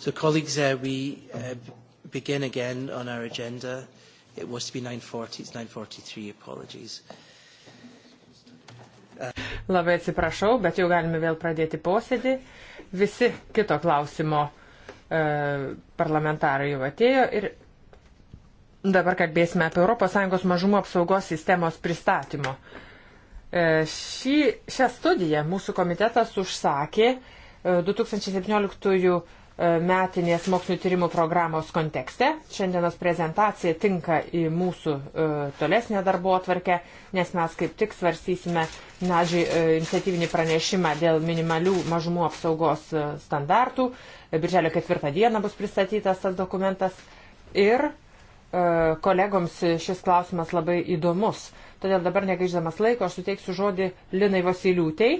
So, colleagues, uh, we uh, begin again on our agenda. It was to be 9.40, it's 9.43, apologies. Uh. Labai atsiprašau, bet jau galime vėl pradėti posėdį. Visi kito klausimo uh, parlamentarai jau atėjo ir dabar kalbėsime apie ES mažumų apsaugos sistemos pristatymo. Uh, šį, šią studiją mūsų komitetas užsakė 2017 uh, E, metinės mokslinio tyrimų programos kontekste. Šiandienos prezentacija tinka į mūsų e, tolesnę darbo atvarkę, nes mes kaip tik svarstysime nažį e, iniciatyvinį pranešimą dėl minimalių mažumų apsaugos standartų. Birželio ketvirtą dieną bus pristatytas tas dokumentas. Ir kolegoms šis klausimas labai įdomus. Todėl dabar negaiždamas laiko aš suteiksiu žodį Linai Vasiliūtei,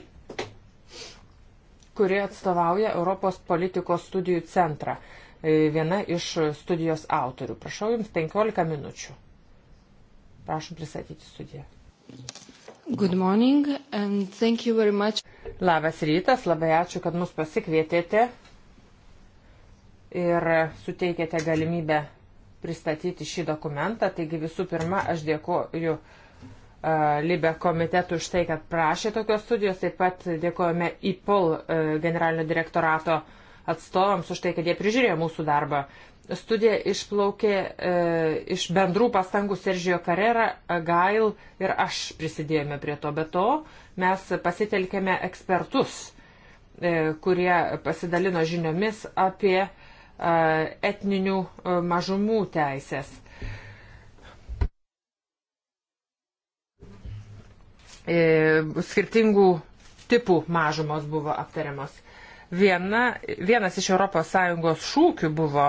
kuri atstovauja Europos politikos studijų centrą. E, viena iš studijos autorių. Prašau Jums 15 minučių. Prašom pristatyti studiją. Good morning and thank you very much. Labas rytas, labai ačiū, kad mus pasikvietėte ir suteikėte galimybę pristatyti šį dokumentą. Taigi visų pirma, aš dėkoju uh, Libe komitetų už tai, kad prašė tokios studijos. Taip pat dėkojame IPOL generalinio direktorato atstovams už tai, kad jie prižiūrėjo mūsų darbą. Studija išplaukė e, iš bendrų pastangų Seržijo Karera, Gail ir aš prisidėjome prie to. Be to, mes pasitelkėme ekspertus, e, kurie pasidalino žiniomis apie e, etninių e, mažumų teisės. E, E, skirtingų tipų mažumos buvo aptariamos. Viena, vienas iš ES šūkių buvo,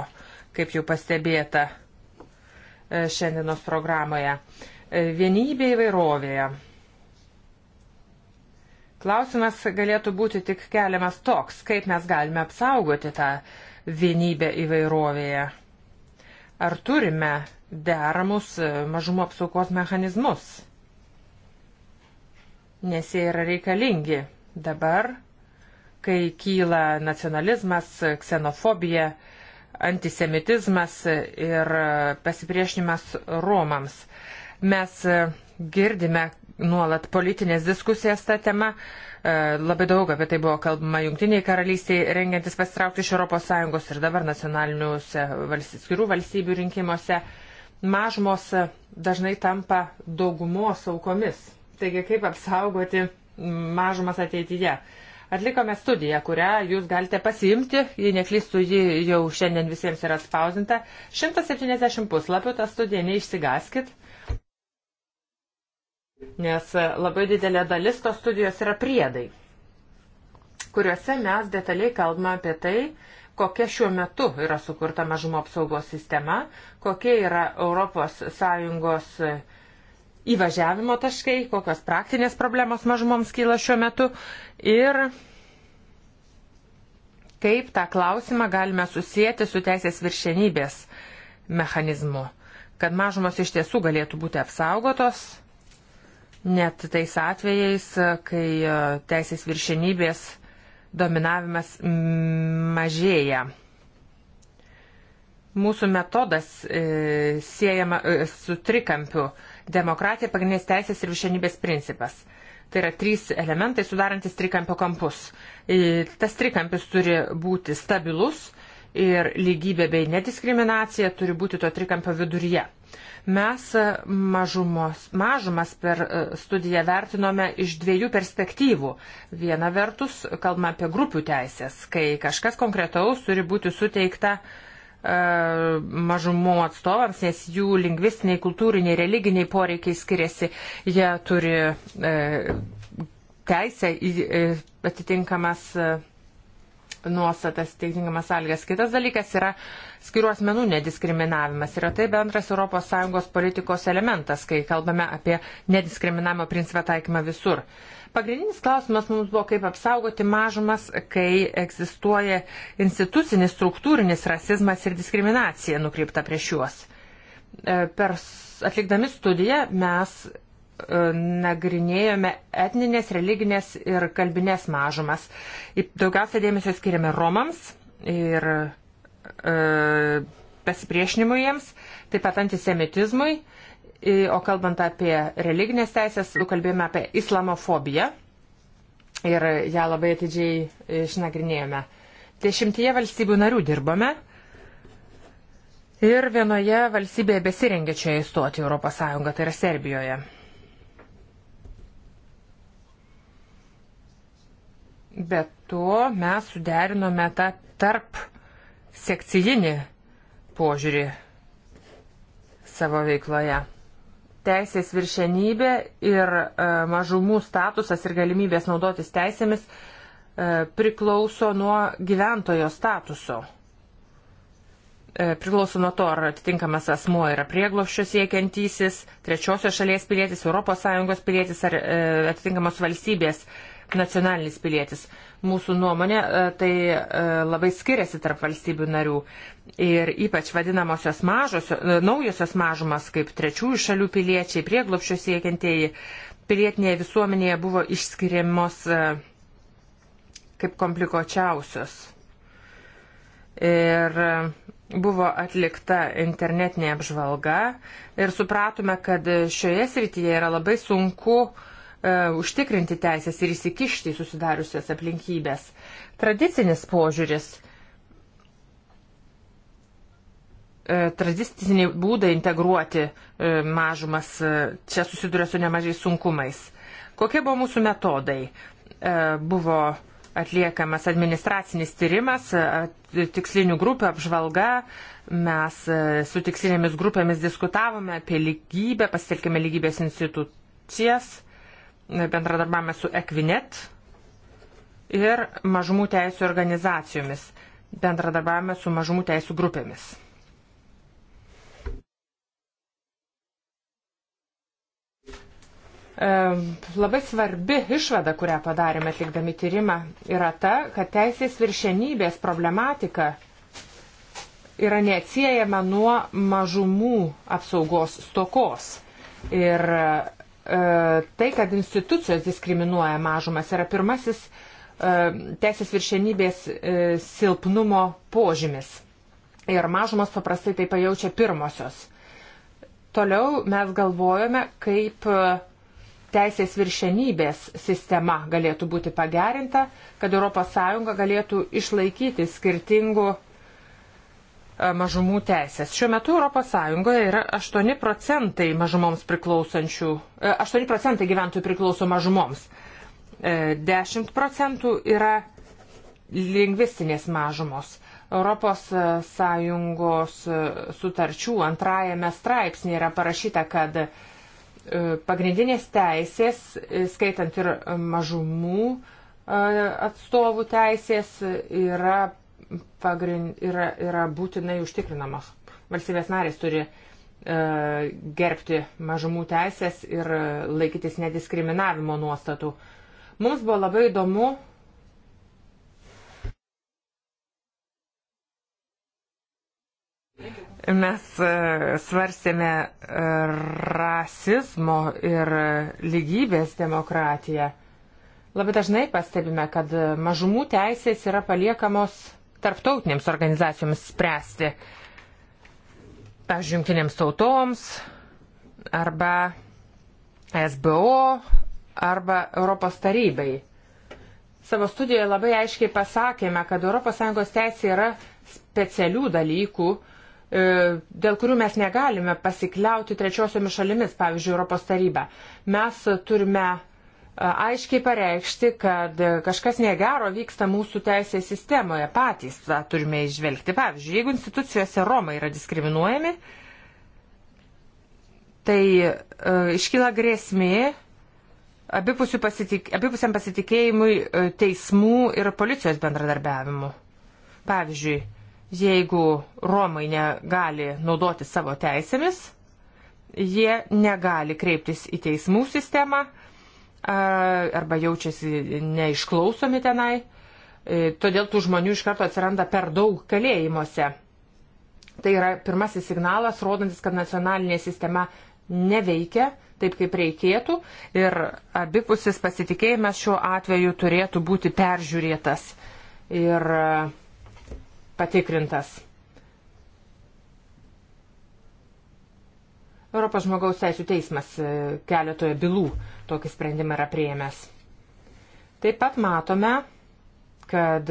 kaip jau pastebėta e, šiandienos programoje, e, vienybė įvairovėje. Klausimas galėtų būti tik keliamas toks, kaip mes galime apsaugoti tą vienybę įvairovėje. Ar turime deramus mažumo apsaugos mechanizmus? nes jie yra reikalingi dabar, kai kyla nacionalizmas, ksenofobija, antisemitizmas ir pasipriešinimas Romams. Mes girdime nuolat politinės diskusijas tą temą. Labai daug apie tai buvo kalbama Junktiniai karalystiai, rengiantis pasitraukti iš ES ir dabar nacionaliniuose valstybių, skirų valstybių rinkimuose. Mažmos dažnai tampa daugumos aukomis. Taigi, kaip apsaugoti mažumas ateityje? Atlikome studiją, kurią jūs galite pasiimti, jei neklystų, ji jau šiandien visiems yra spausinta. 170 puslapių, tą studiją neišsigaskit, nes labai didelė dalis tos studijos yra priedai, kuriuose mes detaliai kalbame apie tai, kokia šiuo metu yra sukurta mažumo apsaugos sistema, kokie yra ES įvažiavimo taškai, kokios praktinės problemos mažumoms kyla šiuo metu ir kaip tą klausimą galime susijęti su teisės viršenybės mechanizmu, kad mažumos iš tiesų galėtų būti apsaugotos, net tais atvejais, kai e, teisės viršenybės dominavimas mažėja. Mūsų metodas e, siejama e, su trikampiu. E, demokratija, pagrindinės teisės ir viršenybės principas. Tai yra trys elementai sudarantis trikampio kampus. E, tas trikampis turi būti stabilus ir lygybė bei nediskriminacija turi būti to trikampio viduryje. Mes e, mažumos, mažumas per e, studiją vertinome iš dviejų perspektyvų. Viena vertus, kalbame apie grupių teisės, kai kažkas konkretaus turi būti suteikta uh, E, mažumų atstovams, nes jų lingvistiniai, kultūriniai, religiniai poreikiai skiriasi. Jie turi e, teisę į e, atitinkamas nuostatas, atitinkamas sąlygas. Kitas dalykas yra skirių asmenų nediskriminavimas. Yra tai bendras ES politikos elementas, kai kalbame apie nediskriminavimo principą taikymą visur. Uh, Pagrindinis klausimas mums buvo, kaip apsaugoti mažumas, kai egzistuoja institucinis struktūrinis rasizmas ir diskriminacija nukreipta prieš juos. E, per atlikdami studiją mes e, nagrinėjome etninės, religinės ir kalbinės mažumas. Daugiausia dėmesio skiriame romams ir e, pasipriešinimui jiems, taip pat antisemitizmui. E, E, o kalbant apie religinės teisės, kalbėjome apie islamofobiją ir ją labai atidžiai e, išnagrinėjome. Dešimtyje valstybių narių dirbame ir vienoje valstybėje besirengė čia įstoti Europos Sąjungą, tai yra Serbijoje. Be to mes suderinome tą tarp sekcijinį požiūrį savo veikloje teisės viršenybė ir e, mažumų statusas ir galimybės naudotis teisėmis e, priklauso nuo gyventojo statuso. E, priklauso nuo to, ar atitinkamas asmuo yra priegloščio siekiantysis, trečiosios šalies pilietis, ES pilietis ar atitinkamas valstybės pilietis nacionalinis pilietis. Mūsų nuomonė e, tai e, labai skiriasi tarp valstybių narių ir ypač vadinamosios mažos, e, naujosios mažumas kaip trečiųjų šalių piliečiai, prieglopščio siekiantieji, pilietinėje visuomenėje buvo išskiriamos kaip komplikuočiausios. Ir buvo atlikta internetinė apžvalga ir supratome, kad šioje srityje yra labai sunku uh, E, užtikrinti teisės ir įsikišti į susidariusias aplinkybės. Tradicinis požiūris, e, tradiciniai būdai integruoti e, mažumas čia susiduria su nemažai sunkumais. Kokie buvo mūsų metodai? Buvo atliekamas administracinis tyrimas, tikslinių grupių apžvalga, mes su tikslinėmis grupėmis diskutavome apie lygybę, pasitelkėme lygybės institucijas bendradarbiavame su Equinet ir mažumų teisų organizacijomis, bendradarbiavame su mažumų teisų grupėmis. E, labai svarbi išvada, kurią padarėme atlikdami tyrimą, yra ta, kad teisės viršenybės problematika yra neatsiejama nuo mažumų apsaugos stokos. Ir E, tai, kad institucijos diskriminuoja mažumas, yra pirmasis e, teisės viršenybės e, silpnumo požymis. Ir mažumas paprastai tai pajaučia pirmosios. Toliau mes galvojame, kaip teisės viršenybės sistema galėtų būti pagerinta, kad ES galėtų išlaikyti skirtingų E, mažumų teisės. Šiuo metu ES yra 8 procentai mažumoms priklausančių, 8 e, procentai gyventojų priklauso mažumoms. 10 e, procentų yra lingvistinės mažumos. ES sutarčių antrajame straipsnėje yra parašyta, kad pagrindinės teisės, skaitant ir mažumų atstovų teisės, yra pagrind, yra, yra būtinai užtikrinamos. Valstybės narės turi e, gerbti mažumų teisės ir e, laikytis nediskriminavimo nuostatų. Mums buvo labai įdomu. Mes e, svarstėme e, rasizmo ir lygybės demokratiją. Labai dažnai pastebime, kad mažumų teisės yra paliekamos tarptautinėms organizacijoms spręsti, pavyzdžiui, jungtinėms tautoms arba SBO arba Europos tarybai. Savo studijoje labai aiškiai pasakėme, kad ES teisė yra specialių dalykų, e, dėl kurių mes negalime pasikliauti trečiosiomis šalimis, pavyzdžiui, Europos taryba. Mes turime aiškiai pareikšti, kad kažkas negero vyksta mūsų teisės sistemoje. Patys tą turime išvelgti. Pavyzdžiui, jeigu institucijose Romai yra diskriminuojami, tai e, iškyla grėsmė pasitik, abipusiam pasitikėjimui e, teismų ir policijos bendradarbiavimu. Pavyzdžiui, jeigu Romai negali naudoti savo teisėmis, jie negali kreiptis į teismų sistemą, arba jaučiasi neišklausomi tenai, e, todėl tų žmonių iš karto atsiranda per daug kalėjimuose. Tai yra pirmasis signalas, rodantis, kad nacionalinė sistema neveikia taip, kaip reikėtų ir abipusis pasitikėjimas šiuo atveju turėtų būti peržiūrėtas ir e, patikrintas. Europos žmogaus teisų teismas e, keletoje bylų tokį sprendimą yra prieėmęs. Taip pat matome, kad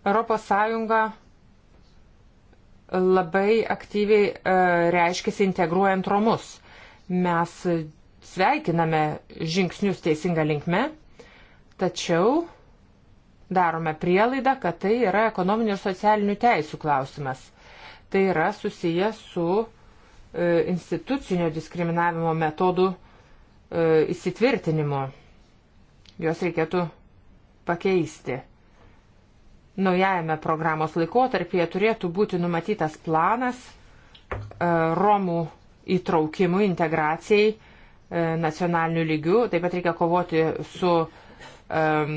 ES labai aktyviai e, reiškiasi integruojant romus. Mes sveikiname žingsnius teisinga linkme, tačiau darome prielaidą, kad tai yra ekonominių ir socialinių teisų klausimas. Tai yra susijęs su E, institucinio diskriminavimo metodų e, įsitvirtinimo. Jos reikėtų pakeisti. Naujajame programos laikotarpyje turėtų būti numatytas planas e, Romų įtraukimui, integracijai nacionaliniu lygiu. Taip pat reikia kovoti su um,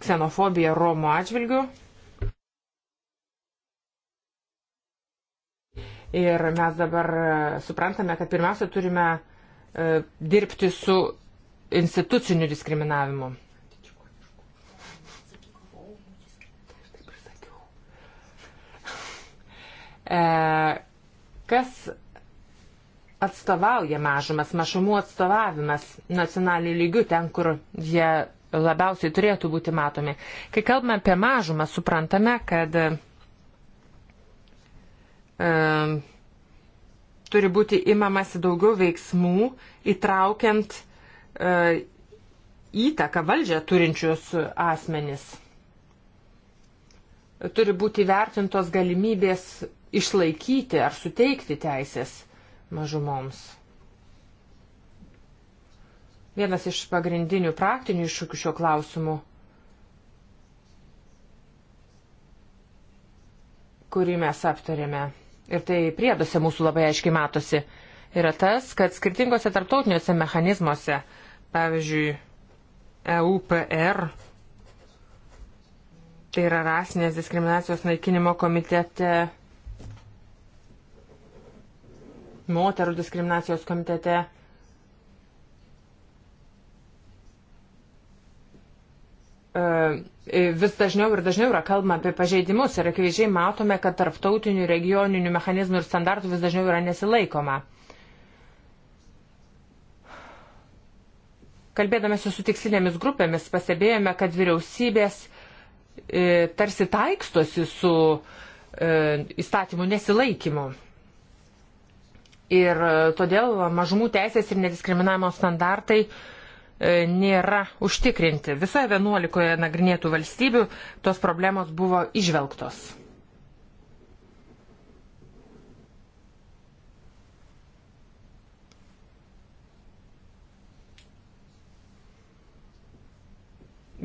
ksenofobija Romų atžvilgiu. Ir mes dabar e, suprantame, kad pirmiausia turime e, dirbti su instituciniu diskriminavimu. E, kas atstovauja mažumas, mažumų atstovavimas nacionaliniu lygiu ten, kur jie labiausiai turėtų būti matomi. Kai kalbame apie mažumą, suprantame, kad turi būti imamasi daugiau veiksmų, įtraukiant e, įtaką valdžią turinčius asmenis. Turi būti vertintos galimybės išlaikyti ar suteikti teisės mažumoms. Vienas iš pagrindinių praktinių iššūkių šio klausimu, kurį mes aptarėme ir tai prieduose mūsų labai aiškiai matosi, yra tas, kad skirtingose tarptautiniuose mechanizmuose, pavyzdžiui, EUPR, tai yra rasinės diskriminacijos naikinimo komitete, moterų diskriminacijos komitete, E, vis dažniau ir dažniau yra kalbama apie pažeidimus ir akivaizdžiai matome, kad tarptautinių regioninių mechanizmų ir standartų vis dažniau yra nesilaikoma. Kalbėdamės su tikslinėmis grupėmis pastebėjome, kad vyriausybės e, tarsi taikstosi su e, įstatymų nesilaikymu. Ir e, todėl mažumų teisės ir nediskriminavimo standartai e, E, nėra užtikrinti. Visoje 11 nagrinėtų valstybių tos problemos buvo išvelgtos.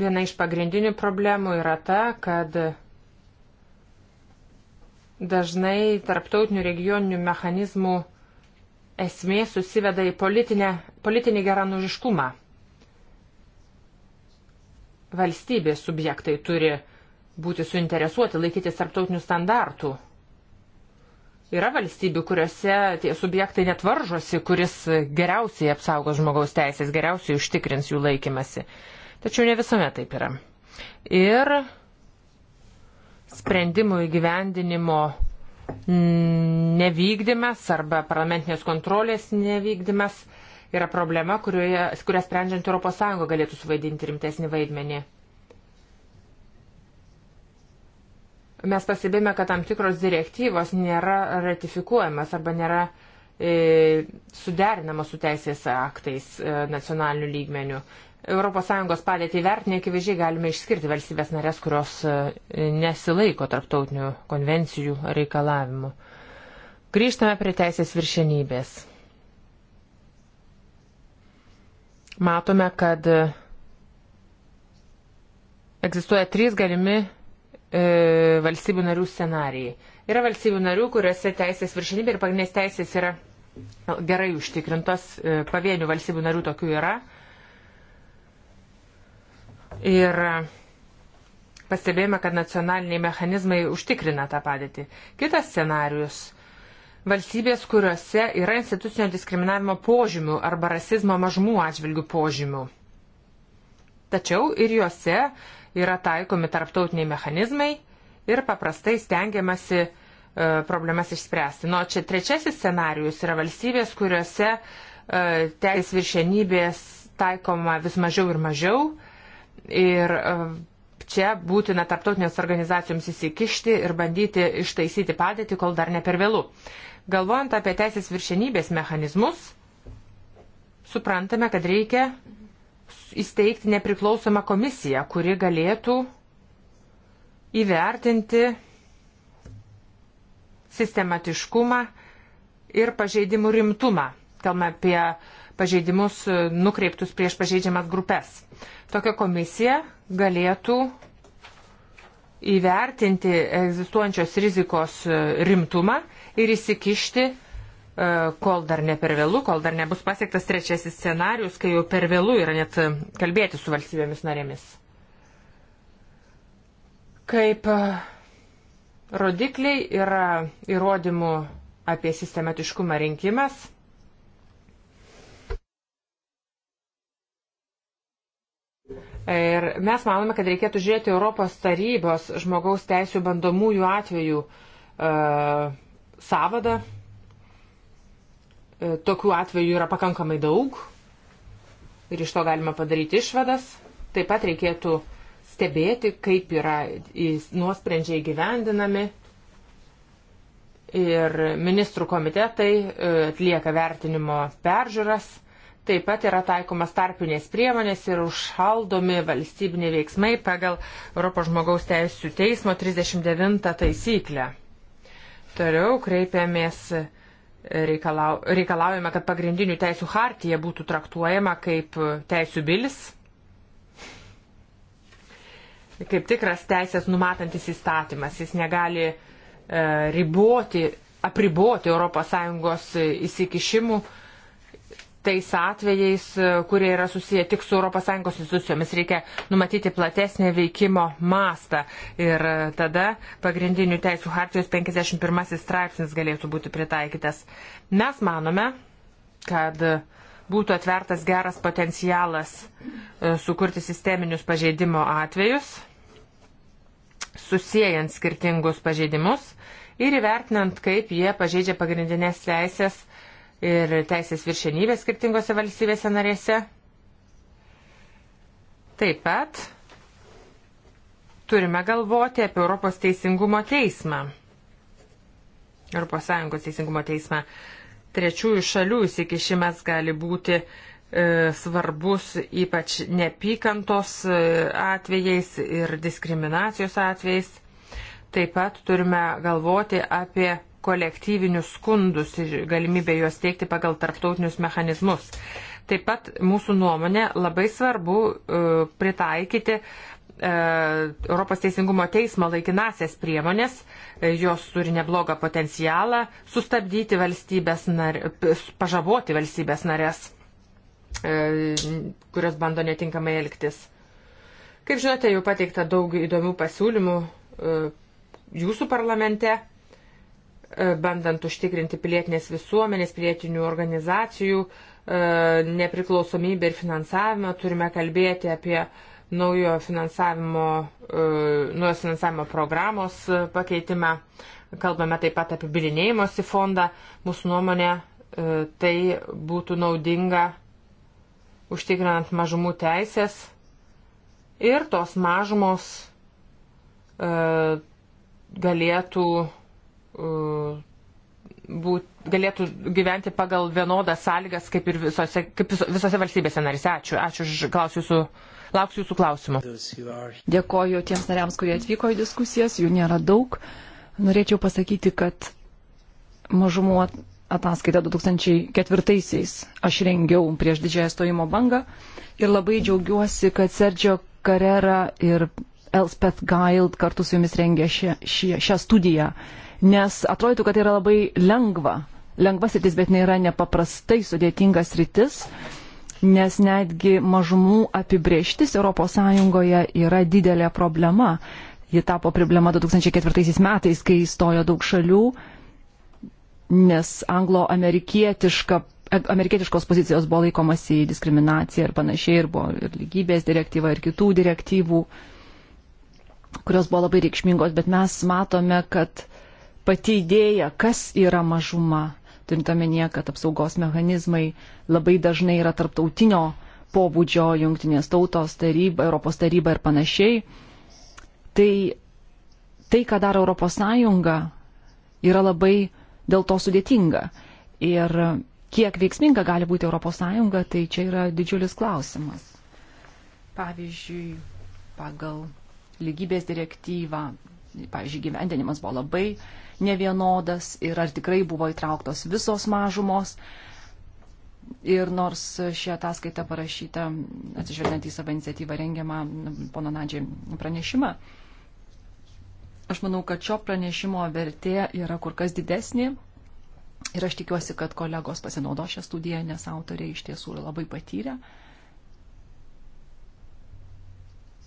Viena iš pagrindinių problemų yra ta, kad dažnai tarptautinių regioninių mechanizmų esmė susiveda į politinę, politinį geranoriškumą valstybės subjektai turi būti suinteresuoti laikytis tarptautinių standartų. Yra valstybių, kuriuose tie subjektai net varžosi, kuris geriausiai apsaugos žmogaus teisės, geriausiai užtikrins jų laikymasi. Tačiau ne visuomet taip yra. Ir sprendimų įgyvendinimo nevykdymas arba parlamentinės kontrolės nevykdymas yra problema, kurioje, kurią sprendžiant ES galėtų suvaidinti rimtesnį vaidmenį. Mes pasibėme, kad tam tikros direktyvos nėra ratifikuojamas arba nėra e, suderinama su teisės aktais e, nacionaliniu lygmeniu. ES padėtį vertinę akivaizdžiai galime išskirti valstybės narės, kurios e, nesilaiko tarptautinių konvencijų reikalavimų. Grįžtame prie teisės viršenybės. matome, kad egzistuoja trys galimi e, valstybių narių scenarijai. Yra valstybių narių, kuriuose teisės viršinybė ir pagrindinės teisės yra gerai užtikrintos, e, pavienių valstybių narių tokių yra. Ir pastebėjome, kad nacionaliniai mechanizmai užtikrina tą padėtį. Kitas scenarius valstybės, kuriuose yra institucinio diskriminavimo požymių arba rasizmo mažumų atžvilgių požymių. Tačiau ir juose yra taikomi tarptautiniai mechanizmai ir paprastai stengiamasi e, problemas išspręsti. Nuo čia trečiasis scenarius yra valstybės, kuriuose e, teis viršenybės taikoma vis mažiau ir mažiau. Ir e, čia būtina tarptautinės organizacijoms įsikišti ir bandyti ištaisyti padėtį, kol dar ne per vėlų. Galvojant apie teisės viršenybės mechanizmus, suprantame, kad reikia įsteigti nepriklausomą komisiją, kuri galėtų įvertinti sistematiškumą ir pažeidimų rimtumą. Kalbame apie pažeidimus nukreiptus prieš pažeidžiamas grupės. Tokia komisija galėtų įvertinti egzistuojančios rizikos rimtumą ir įsikišti, e, kol dar ne per vėlų, kol dar nebus pasiektas trečiasis scenarius, kai jau per vėlų yra net kalbėti su valstybėmis narėmis. Kaip e, rodikliai yra įrodymų apie sistematiškumą rinkimas. Ir mes manome, kad reikėtų žiūrėti Europos tarybos žmogaus teisų bandomųjų atvejų uh, savadą. E, tokių atvejų yra pakankamai daug ir iš to galima padaryti išvadas. Taip pat reikėtų stebėti, kaip yra nuosprendžiai gyvendinami ir ministrų komitetai e, atlieka vertinimo peržiūras. Taip pat yra taikomas tarpinės priemonės ir užšaldomi valstybiniai veiksmai pagal Europos žmogaus teisų teismo 39 taisyklę. Toliau kreipiamės, e, reikalau, reikalaujame, kad pagrindinių teisų hartija būtų traktuojama kaip e, teisų bilis, kaip tikras teisės numatantis įstatymas. Jis negali e, riboti, apriboti ES e, įsikišimų e, tais atvejais, e, kurie yra susiję tik su ES institucijomis. Reikia numatyti platesnį veikimo mastą ir e, tada pagrindinių teisų hartijos 51 straipsnis galėtų būti pritaikytas. Mes manome, kad būtų atvertas geras potencialas e, sukurti sisteminius pažeidimo atvejus, susijęjant skirtingus pažeidimus ir įvertinant, kaip jie pažeidžia pagrindinės teisės ir teisės viršenybės skirtingose valstybėse narėse. Taip pat turime galvoti apie Europos teisingumo teismą. Europos Sąjungos teisingumo teismą. Trečiųjų šalių įsikišimas gali būti e, svarbus ypač neapykantos e, atvejais ir diskriminacijos atvejais. Taip pat turime galvoti apie kolektyvinius skundus ir galimybę juos teikti pagal tarptautinius mechanizmus. Taip pat mūsų nuomonė labai svarbu e, pritaikyti e, Europos Teisingumo teismo laikinasias priemonės, e, jos turi neblogą potencialą sustabdyti valstybės, nar... pažaboti valstybės narės, kurios bando netinkamai elgtis. Kaip žinote, jau pateikta daug įdomių pasiūlymų jūsų parlamente. E, bandant užtikrinti pilietinės visuomenės, pilietinių organizacijų e, nepriklausomybę ir finansavimą. Turime kalbėti apie naujo finansavimo, e, naujo finansavimo programos pakeitimą. Kalbame taip pat apie bilinėjimosi fondą. Mūsų nuomonė tai būtų naudinga užtikrinant mažumų teisės ir tos mažumos galėtų Uh, būt, galėtų gyventi pagal vienodas sąlygas kaip ir visose, kaip visose valstybėse narise. Ačiū, ačiū už klausiusiu. Lauksiu jūsų klausimų. Dėkoju tiems nariams, kurie atvyko į diskusijas, jų nėra daug. Norėčiau pasakyti, kad mažumų ataskaitą 2004-aisiais aš rengiau prieš didžiąją stojimo bangą ir labai džiaugiuosi, kad Sergio Carrera ir Elspeth Gild kartu su jumis rengė šią, šią, šią studiją nes atrodytų, kad tai yra labai lengva. Lengvas rytis, bet tai yra nepaprastai sudėtingas rytis, nes netgi mažumų apibrieštis ES yra didelė problema. Ji tapo problema 2004 metais, kai įstojo daug šalių, nes anglo-amerikietiška amerikietiškos pozicijos buvo laikomasi į diskriminaciją ir panašiai, ir buvo ir lygybės direktyva, ir kitų direktyvų, kurios buvo labai reikšmingos, bet mes matome, kad pati idėja, kas yra mažuma, turint omenyje, kad apsaugos mechanizmai labai dažnai yra tarptautinio pobūdžio, jungtinės tautos taryba, Europos taryba ir panašiai. Tai tai, ką daro Europos Sąjunga, yra labai dėl to sudėtinga. Ir kiek veiksminga gali būti Europos Sąjunga, tai čia yra didžiulis klausimas. Pavyzdžiui, pagal lygybės direktyvą, pavyzdžiui, gyvendinimas buvo labai uh, nevienodas ir ar tikrai buvo įtrauktos visos mažumos. Ir nors ši ataskaita parašyta, atsižvelgiant į savo iniciatyvą rengiamą nu, pono Nadžiai pranešimą, aš manau, kad šio pranešimo vertė yra kur kas didesnė. Ir aš tikiuosi, kad kolegos pasinaudo šią studiją, nes autoriai iš tiesų yra labai patyrę.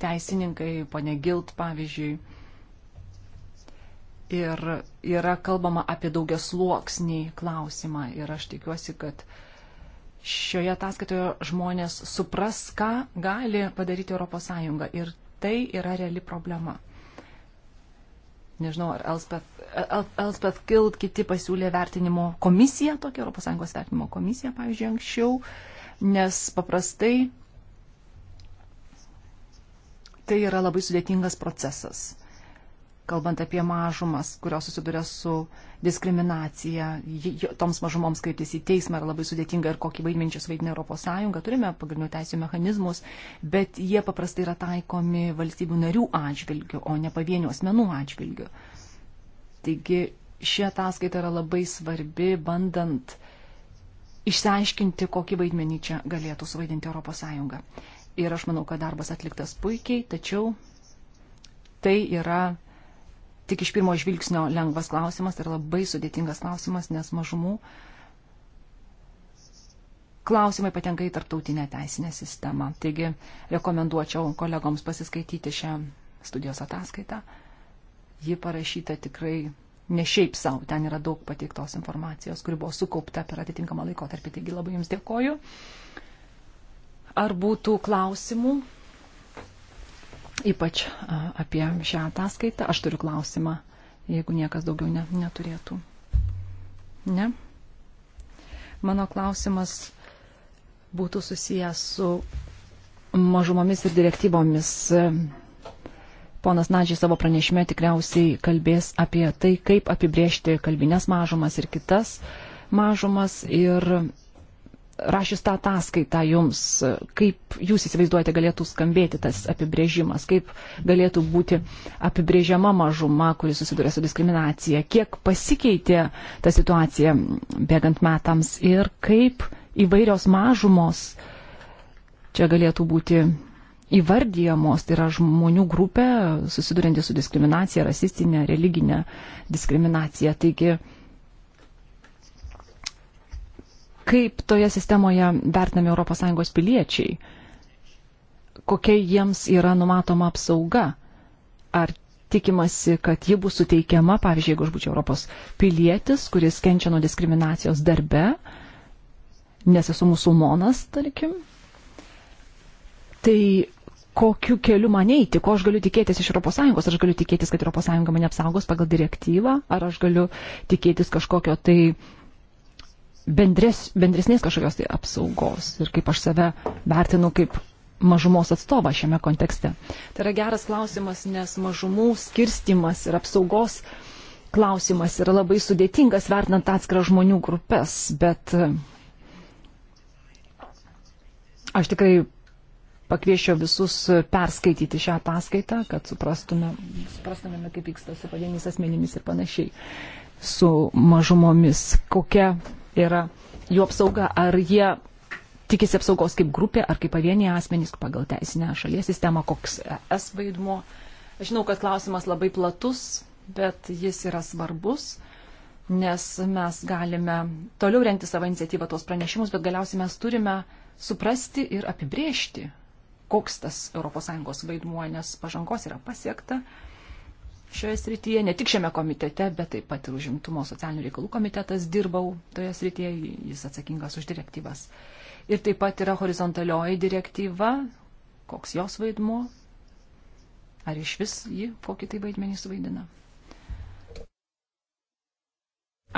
Teisininkai, ponė Gilt, pavyzdžiui, ir yra kalbama apie daugias sluoksnį klausimą. Ir aš tikiuosi, kad šioje ataskaitoje žmonės supras, ką gali padaryti ES. Ir tai yra reali problema. Nežinau, ar Elspeth, Elspeth Kild kiti pasiūlė vertinimo komisiją, tokią ES vertinimo komisiją, pavyzdžiui, anksčiau, nes paprastai tai yra labai sudėtingas procesas kalbant apie mažumas, kurios susiduria su diskriminacija, toms mažumoms kreiptis į teismą yra labai sudėtinga ir kokį vaidmenį čia vaidina Europos Sąjunga. Turime pagrindinių teisų mechanizmus, bet jie paprastai yra taikomi valstybių narių atžvilgių, o ne pavienių asmenų atžvilgių. Taigi ši ataskaita yra labai svarbi, bandant išsiaiškinti, kokį vaidmenį čia galėtų suvaidinti Europos Sąjunga. Ir aš manau, kad darbas atliktas puikiai, tačiau tai yra tik iš pirmo žvilgsnio lengvas klausimas ir labai sudėtingas klausimas, nes mažumų klausimai patenka į tarptautinę teisinę sistemą. Taigi rekomenduočiau kolegoms pasiskaityti šią studijos ataskaitą. Ji parašyta tikrai ne šiaip savo, ten yra daug pateiktos informacijos, kuri buvo sukaupta per atitinkamą laikotarpį. Taigi labai Jums dėkoju. Ar būtų klausimų? ypač apie šią ataskaitą. Aš turiu klausimą, jeigu niekas daugiau ne, neturėtų. Ne? Mano klausimas būtų susijęs su mažumomis ir direktyvomis. Ponas Nadžiai savo pranešime tikriausiai kalbės apie tai, kaip apibriežti kalbinės mažumas ir kitas mažumas ir rašys tą ataskaitą jums, kaip jūs įsivaizduojate galėtų skambėti tas apibrėžimas, kaip galėtų būti apibrėžiama mažuma, kuri susiduria su diskriminacija, kiek pasikeitė ta situacija bėgant metams ir kaip įvairios mažumos čia galėtų būti įvardyjamos, tai yra žmonių grupė susidurinti su diskriminacija, rasistinė, religinė diskriminacija. Taigi, kaip toje sistemoje vertinami ES piliečiai, kokia jiems yra numatoma apsauga, ar tikimasi, kad ji bus suteikiama, pavyzdžiui, jeigu aš būčiau Europos pilietis, kuris kenčia nuo diskriminacijos darbe, nes esu musulmonas, tarkim, tai kokiu keliu man eiti, ko aš galiu tikėtis iš ES, ar aš galiu tikėtis, kad ES mane apsaugos pagal direktyvą, ar aš galiu tikėtis kažkokio tai uh, bendres, bendresnės kažkokios tai apsaugos ir kaip aš save vertinu kaip mažumos atstovą šiame kontekste. Tai yra geras klausimas, nes mažumų skirstimas ir apsaugos klausimas yra labai sudėtingas vertinant atskirą žmonių grupės, bet e, aš tikrai pakviešiu visus perskaityti šią ataskaitą, kad suprastume, suprastumėme, kaip vyksta su pavieniais asmenimis ir panašiai, su mažumomis, kokia yra jų apsauga, ar jie tikisi apsaugos kaip grupė, ar kaip pavieniai asmenys pagal teisinę šalies sistemą, koks es vaidmuo. Aš žinau, kad klausimas labai platus, bet jis yra svarbus, nes mes galime toliau renkti savo iniciatyvą tuos pranešimus, bet galiausiai mes turime suprasti ir apibriežti, koks tas ES vaidmuo, nes pažangos yra pasiekta šioje srityje, ne tik šiame komitete, bet taip pat ir užimtumo socialinių reikalų komitetas dirbau toje srityje, jis atsakingas už direktyvas. Ir taip pat yra horizontalioji direktyva, koks jos vaidmuo, ar iš vis ji kokį tai vaidmenį suvaidina.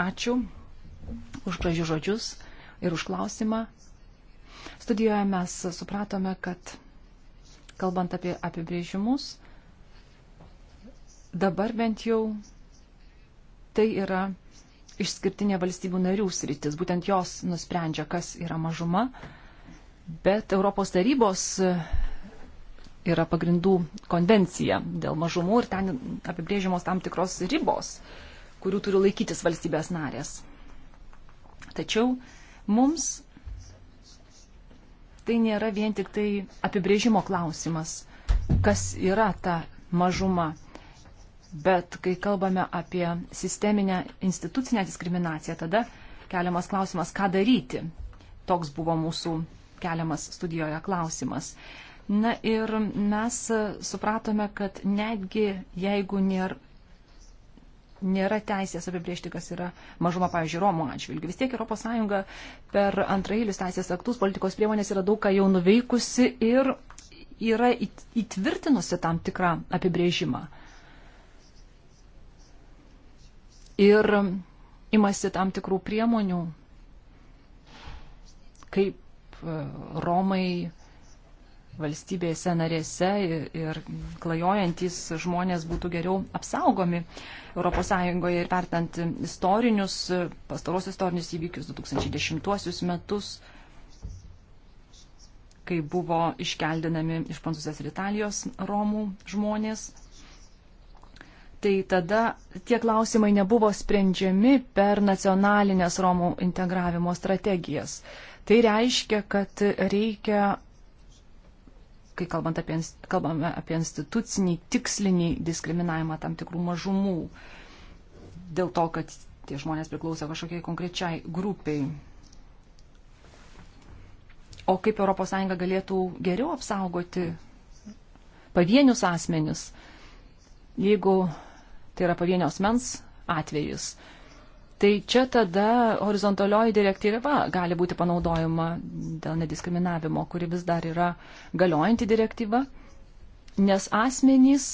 Ačiū už gražius žodžius ir už klausimą. Studijoje mes supratome, kad kalbant apie apibrėžimus, dabar bent jau tai yra išskirtinė valstybių narių sritis, būtent jos nusprendžia, kas yra mažuma, bet Europos tarybos e, yra pagrindų konvencija dėl mažumų ir ten apibrėžimos tam tikros ribos, kurių turi laikytis valstybės narės. Tačiau mums tai nėra vien tik tai apibrėžimo klausimas, kas yra ta mažuma Bet kai kalbame apie sisteminę institucinę diskriminaciją, tada keliamas klausimas, ką daryti. Toks buvo mūsų keliamas studijoje klausimas. Na ir mes supratome, kad netgi jeigu nėra, nėra teisės apibriežti, kas yra mažuma, pavyzdžiui, Romų atžvilgių, vis tiek ES per antrailius teisės aktus politikos priemonės yra daug ką jau nuveikusi ir yra įtvirtinusi tam tikrą apibrėžimą. ir imasi tam tikrų priemonių, kaip e, Romai valstybėse narėse ir klajojantis žmonės būtų geriau apsaugomi ES ir vertant istorinius, pastaros istorinius įvykius 2010 metus, kai buvo iškeldinami iš Prancūzijos ir Italijos Romų žmonės, tai tada tie klausimai nebuvo sprendžiami per nacionalinės Romų integravimo strategijas. Tai reiškia, kad reikia, kai kalbant apie, kalbame apie institucinį, tikslinį diskriminavimą tam tikrų mažumų, dėl to, kad tie žmonės priklauso kažkokiai konkrečiai grupiai. O kaip ES galėtų geriau apsaugoti pavienius asmenis, jeigu tai yra pavienios mens atvejis. Tai čia tada horizontalioji direktyva gali būti panaudojama dėl nediskriminavimo, kuri vis dar yra galiojanti direktyva, nes asmenys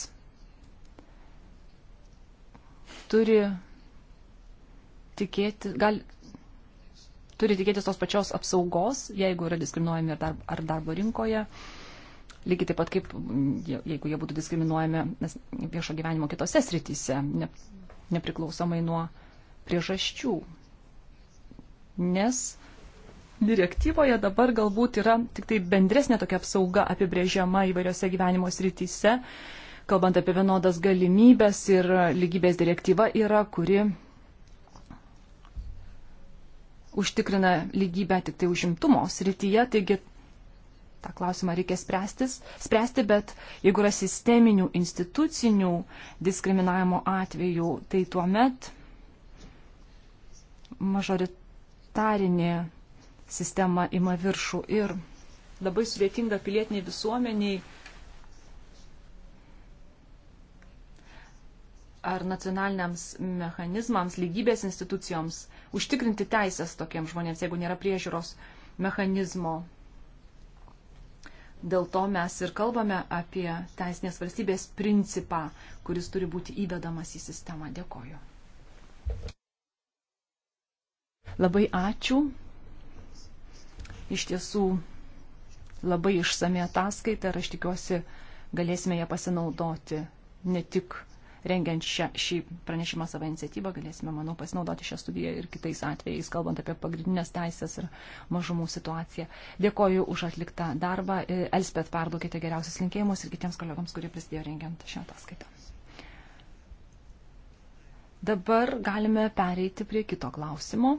turi tikėti, gal, turi tikėtis tos pačios apsaugos, jeigu yra diskriminuojami ar darbo, ar darbo rinkoje, lygiai taip pat kaip mm, jeigu jie būtų diskriminuojami viešo gyvenimo kitose srityse, ne, nepriklausomai nuo priežasčių. Nes direktyvoje dabar galbūt yra tik tai bendresnė tokia apsauga apibrėžiama įvairiose gyvenimo srityse, kalbant apie vienodas galimybės ir lygybės direktyva yra, kuri užtikrina lygybę tik tai užimtumo srityje, taigi tą klausimą reikia spręstis, spręsti, bet jeigu yra sisteminių institucinių diskriminavimo atvejų, tai tuo met mažoritarinė sistema ima viršų ir labai sudėtinga pilietiniai visuomeniai ar nacionaliniams mechanizmams, lygybės institucijoms užtikrinti teisės tokiems žmonėms, jeigu nėra priežiūros mechanizmo Dėl to mes ir kalbame apie teisinės valstybės principą, kuris turi būti įvedamas į sistemą. Dėkoju. Labai ačiū. Iš tiesų labai išsame ataskaita ir aš tikiuosi galėsime ją pasinaudoti ne tik rengiant šią, šį pranešimą savo iniciatyvą, galėsime, manau, pasinaudoti šią studiją ir kitais atvejais, kalbant apie pagrindinės teisės ir mažumų situaciją. Dėkoju už atliktą darbą. Elspet, perduokite geriausius linkėjimus ir kitiems kolegams, kurie prisidėjo rengiant šią ataskaitą. Dabar galime pereiti prie kito klausimo.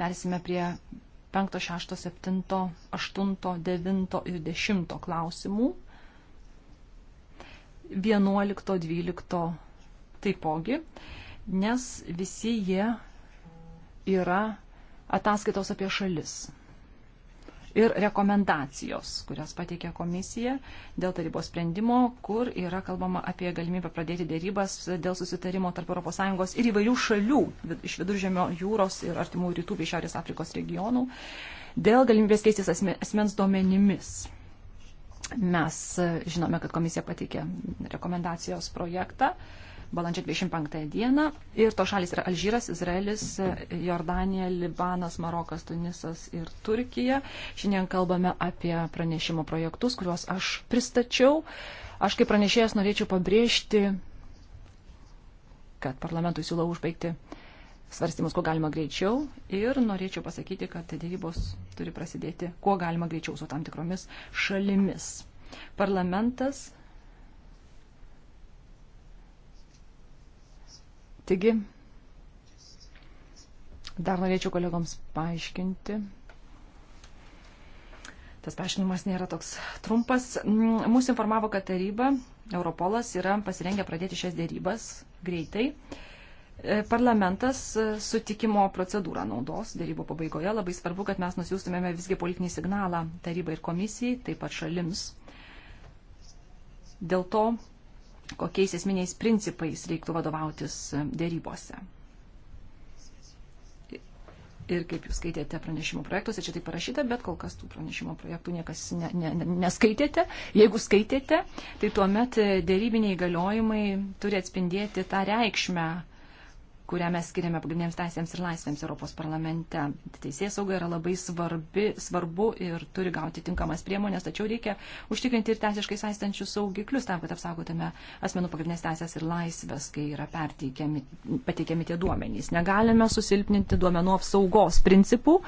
Persime prie 5, 6, 7, 8, 9 ir 10 klausimų. 11-12 taipogi, nes visi jie yra ataskaitos apie šalis ir rekomendacijos, kurias pateikė komisija dėl tarybos sprendimo, kur yra kalbama apie galimybę pradėti dėrybas dėl susitarimo tarp ES ir įvairių šalių iš viduržėmio jūros ir artimų rytų bei Šiaurės Afrikos regionų dėl galimybės keistis asmens duomenimis. Mes e, žinome, kad komisija pateikė rekomendacijos projektą balandžio 25 dieną. Ir to šalis yra Alžyras, Izraelis, e, Jordanija, Libanas, Marokas, Tunisas ir Turkija. Šiandien kalbame apie pranešimo projektus, kuriuos aš pristačiau. Aš kaip pranešėjas norėčiau pabrėžti, kad parlamentui siūlau užbaigti uh, svarstymus kuo galima greičiau ir norėčiau pasakyti, kad dėrybos turi prasidėti kuo galima greičiau su tam tikromis šalimis. Parlamentas. Taigi, dar norėčiau kolegoms paaiškinti. Tas paaiškinimas nėra toks trumpas. Mūsų informavo, kad taryba, Europolas yra pasirengę pradėti šias dėrybas greitai. Uh, E, parlamentas e, sutikimo procedūrą naudos dėrybų pabaigoje. Labai svarbu, kad mes nusiųstumėme visgi politinį signalą tarybai ir komisijai, taip pat šalims. Dėl to, kokiais esminiais principais reiktų vadovautis e, dėrybose. Ir kaip jūs skaitėte pranešimo projektuose, čia tai parašyta, bet kol kas tų pranešimo projektų niekas ne, ne, neskaitėte. Jeigu skaitėte, tai tuomet dėrybiniai įgaliojimai turi atspindėti tą reikšmę, kurią mes skiriame pagrindiniams teisėms ir laisvėms Europos parlamente. Teisėsauga yra labai svarbi, svarbu ir turi gauti tinkamas priemonės, tačiau reikia užtikrinti ir teisiškai saistančius saugiklius tam, kad apsaugotume asmenų pagrindinės teisės ir laisvės, kai yra pateikiami tie duomenys. Negalime susilpninti duomenų apsaugos principų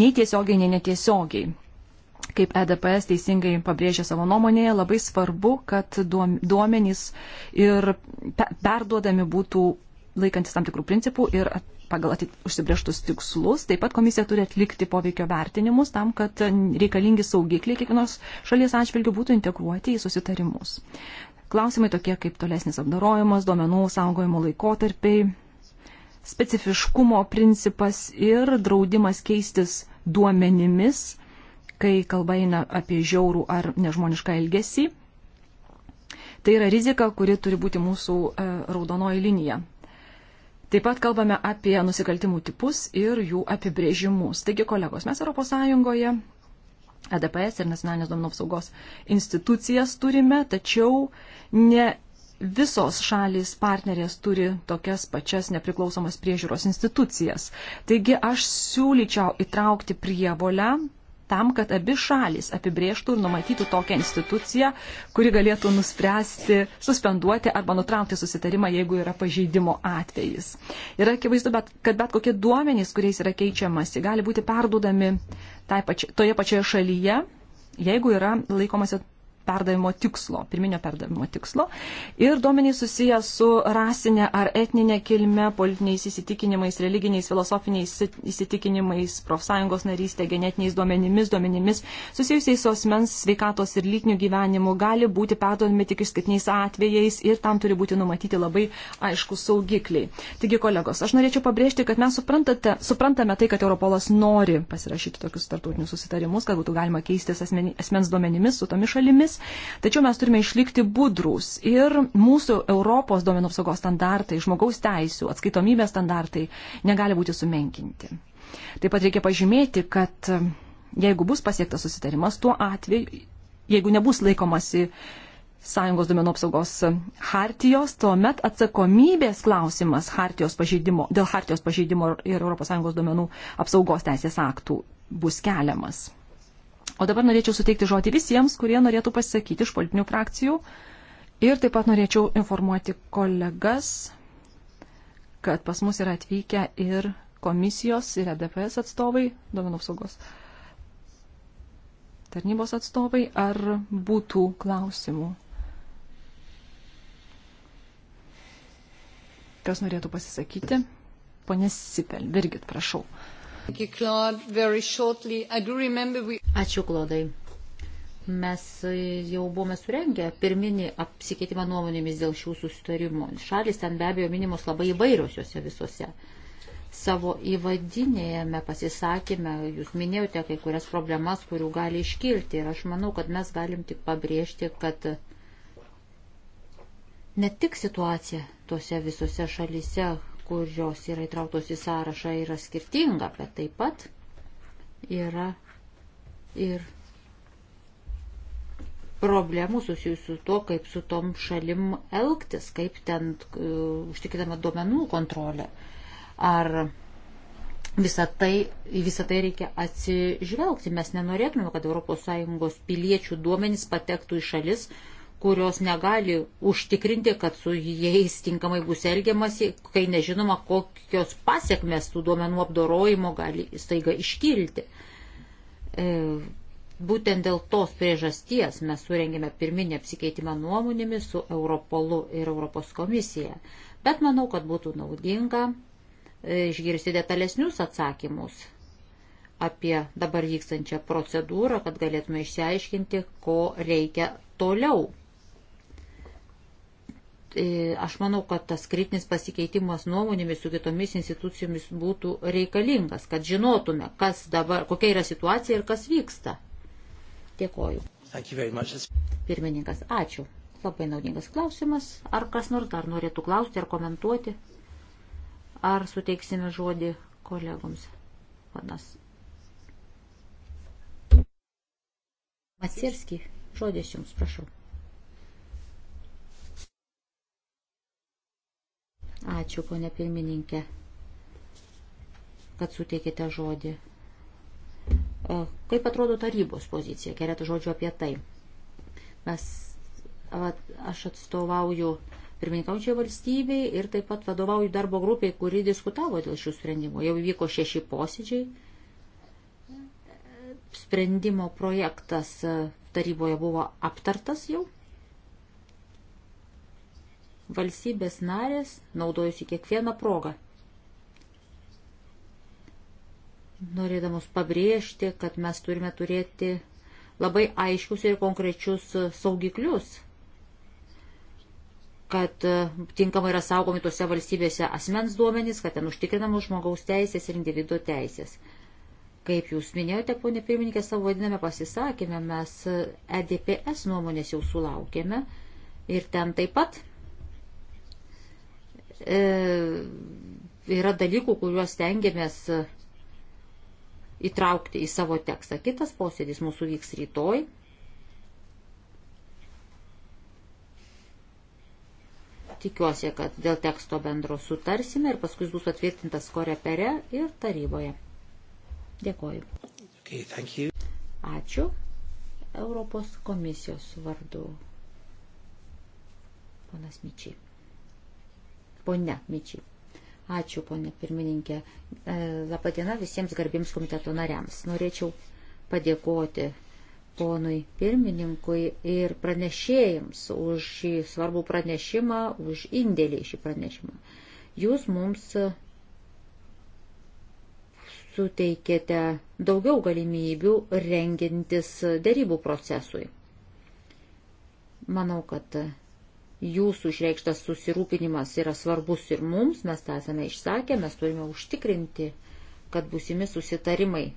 nei tiesiogiai, nei netiesiogiai. Kaip EDPS teisingai pabrėžė savo nuomonėje, labai svarbu, kad duomenys ir perduodami būtų laikantis tam tikrų principų ir pagal atit, užsibrieštus tikslus. Taip pat komisija turi atlikti poveikio vertinimus tam, kad reikalingi saugikliai kiekvienos šalies atžvilgių būtų integruoti į susitarimus. Klausimai tokie kaip tolesnis apdarojimas, duomenų saugojimo laikotarpiai, specifiškumo principas ir draudimas keistis duomenimis, kai kalba eina apie žiaurų ar nežmonišką elgesį. Tai yra rizika, kuri turi būti mūsų e, raudonoji linija Taip pat kalbame apie nusikaltimų tipus ir jų apibrėžimus. Taigi, kolegos, mes ES EDPS e ir nacionalinės duomenų apsaugos institucijas turime, tačiau ne visos šalys partnerės turi tokias pačias nepriklausomas priežiūros institucijas. Taigi aš siūlyčiau įtraukti prievolę tam, kad abi šalis apibrieštų ir numatytų tokią instituciją, kuri galėtų nuspręsti, suspenduoti arba nutraukti susitarimą, jeigu yra pažeidimo atvejis. Yra akivaizdu, bet, kad bet kokie duomenys, kuriais yra keičiamasi, gali būti perdudami tai pači, toje pačioje šalyje, jeigu yra laikomasi perdavimo tikslo, pirminio perdavimo tikslo. Ir duomenys susiję su rasinė ar etninė kilme, politiniais įsitikinimais, religiniais, filosofiniais įsitikinimais, profsąjungos narystė, genetiniais duomenimis, duomenimis susijusiais su asmens sveikatos ir lytiniu gyvenimu gali būti perduodami tik išskirtiniais atvejais ir tam turi būti numatyti labai aiškus saugikliai. Taigi, kolegos, aš norėčiau pabrėžti, kad mes suprantame tai, kad Europolas nori pasirašyti tokius tartutinius susitarimus, kad būtų galima keistis asmeni, asmens duomenimis su tomis šalimis, apsaugos. Tačiau mes turime išlikti budrus ir mūsų Europos duomenų apsaugos standartai, žmogaus teisų, atskaitomybės standartai negali būti sumenkinti. Taip pat reikia pažymėti, kad jeigu bus pasiektas susitarimas, tuo atveju, jeigu nebus laikomasi Sąjungos duomenų apsaugos hartijos, tuomet atsakomybės klausimas hartijos pažeidimo, dėl hartijos pažeidimo ir ES duomenų apsaugos teisės aktų bus keliamas. O dabar norėčiau suteikti žodį visiems, kurie norėtų pasisakyti iš politinių frakcijų. Ir taip pat norėčiau informuoti kolegas, kad pas mus yra atvykę ir komisijos, ir EDPS atstovai, duomenų apsaugos tarnybos atstovai. Ar būtų klausimų? Kas norėtų pasisakyti? Pone Sipel, virgit, prašau. Uh, Ačiū, Klodai. Mes jau buvome surengę pirminį apsikeitimą nuomonėmis dėl šių susitarimų. Šalis ten be abejo minimos labai įvairios juose visuose. Savo įvadinėjame pasisakymę, jūs minėjote kai kurias problemas, kurių gali iškilti. Ir aš manau, kad mes galim tik pabrėžti, kad ne tik situacija tose visose šalise, kurios yra įtrauktos į sąrašą, yra skirtinga, bet taip pat yra ir problemų susijusių su tuo, kaip su tom šalim elgtis, kaip ten uh, užtikrinama duomenų kontrolė. Ar visą tai, visą tai reikia atsižvelgti. Mes nenorėtume, kad ES piliečių duomenys patektų į šalis, uh, kurios negali užtikrinti, kad su jais tinkamai bus elgiamasi, kai nežinoma, kokios pasiekmes tų duomenų apdorojimo gali staiga iškilti. E, būtent dėl tos priežasties mes surengėme pirminį apsikeitimą nuomonėmis su Europolu ir Europos komisija. Bet manau, kad būtų naudinga e, išgirsti detalesnius atsakymus apie dabar vykstančią procedūrą, kad galėtume išsiaiškinti, ko reikia toliau E, aš manau, kad tas kritinis pasikeitimas nuomonėmis su kitomis institucijomis būtų reikalingas, kad žinotume, kas dabar, kokia yra situacija ir kas vyksta. Dėkoju. Pirmininkas, ačiū. Labai naudingas klausimas. Ar kas nors dar norėtų klausti ar komentuoti? Ar suteiksime žodį kolegoms? Panas. Masirski, žodis jums, prašau. Ačiū, ponė pirmininkė, kad suteikite žodį. E, kaip atrodo tarybos pozicija? Keletą žodžių apie tai. Mes, va, aš atstovauju pirmininkaujančiai valstybei ir taip pat vadovauju darbo grupiai, kuri diskutavo dėl šių sprendimų. Jau vyko šeši posėdžiai. Sprendimo projektas e, taryboje buvo aptartas jau valstybės narės naudojusi kiekvieną progą. Norėdamus pabrėžti, kad mes turime turėti labai aiškius ir konkrečius saugiklius, kad tinkamai yra saugomi tose valstybėse asmens duomenys, kad ten užtikrinamos žmogaus teisės ir individuo teisės. Kaip jūs minėjote, ponė pirmininkė, savo vadiname pasisakymę, mes EDPS nuomonės jau sulaukėme ir ten taip pat e, yra dalykų, kuriuos tengiamės įtraukti į savo tekstą. Kitas posėdis mūsų vyks rytoj. Tikiuosi, kad dėl teksto bendro sutarsime ir paskui bus patvirtintas korepere ir taryboje. Dėkoju. Okay, Ačiū Europos komisijos vardu. Ponas Mičiai. Pone Mičiai. Ačiū, ponė pirmininkė. E, Labadiena visiems garbiems komiteto nariams. Norėčiau padėkoti ponui pirmininkui ir pranešėjams už šį svarbų pranešimą, už indėlį šį pranešimą. Jūs mums suteikėte daugiau galimybių rengintis darybų procesui. Manau, kad jūsų išreikštas susirūpinimas yra svarbus ir mums, mes tą esame išsakę, mes turime užtikrinti, kad busimi susitarimai e,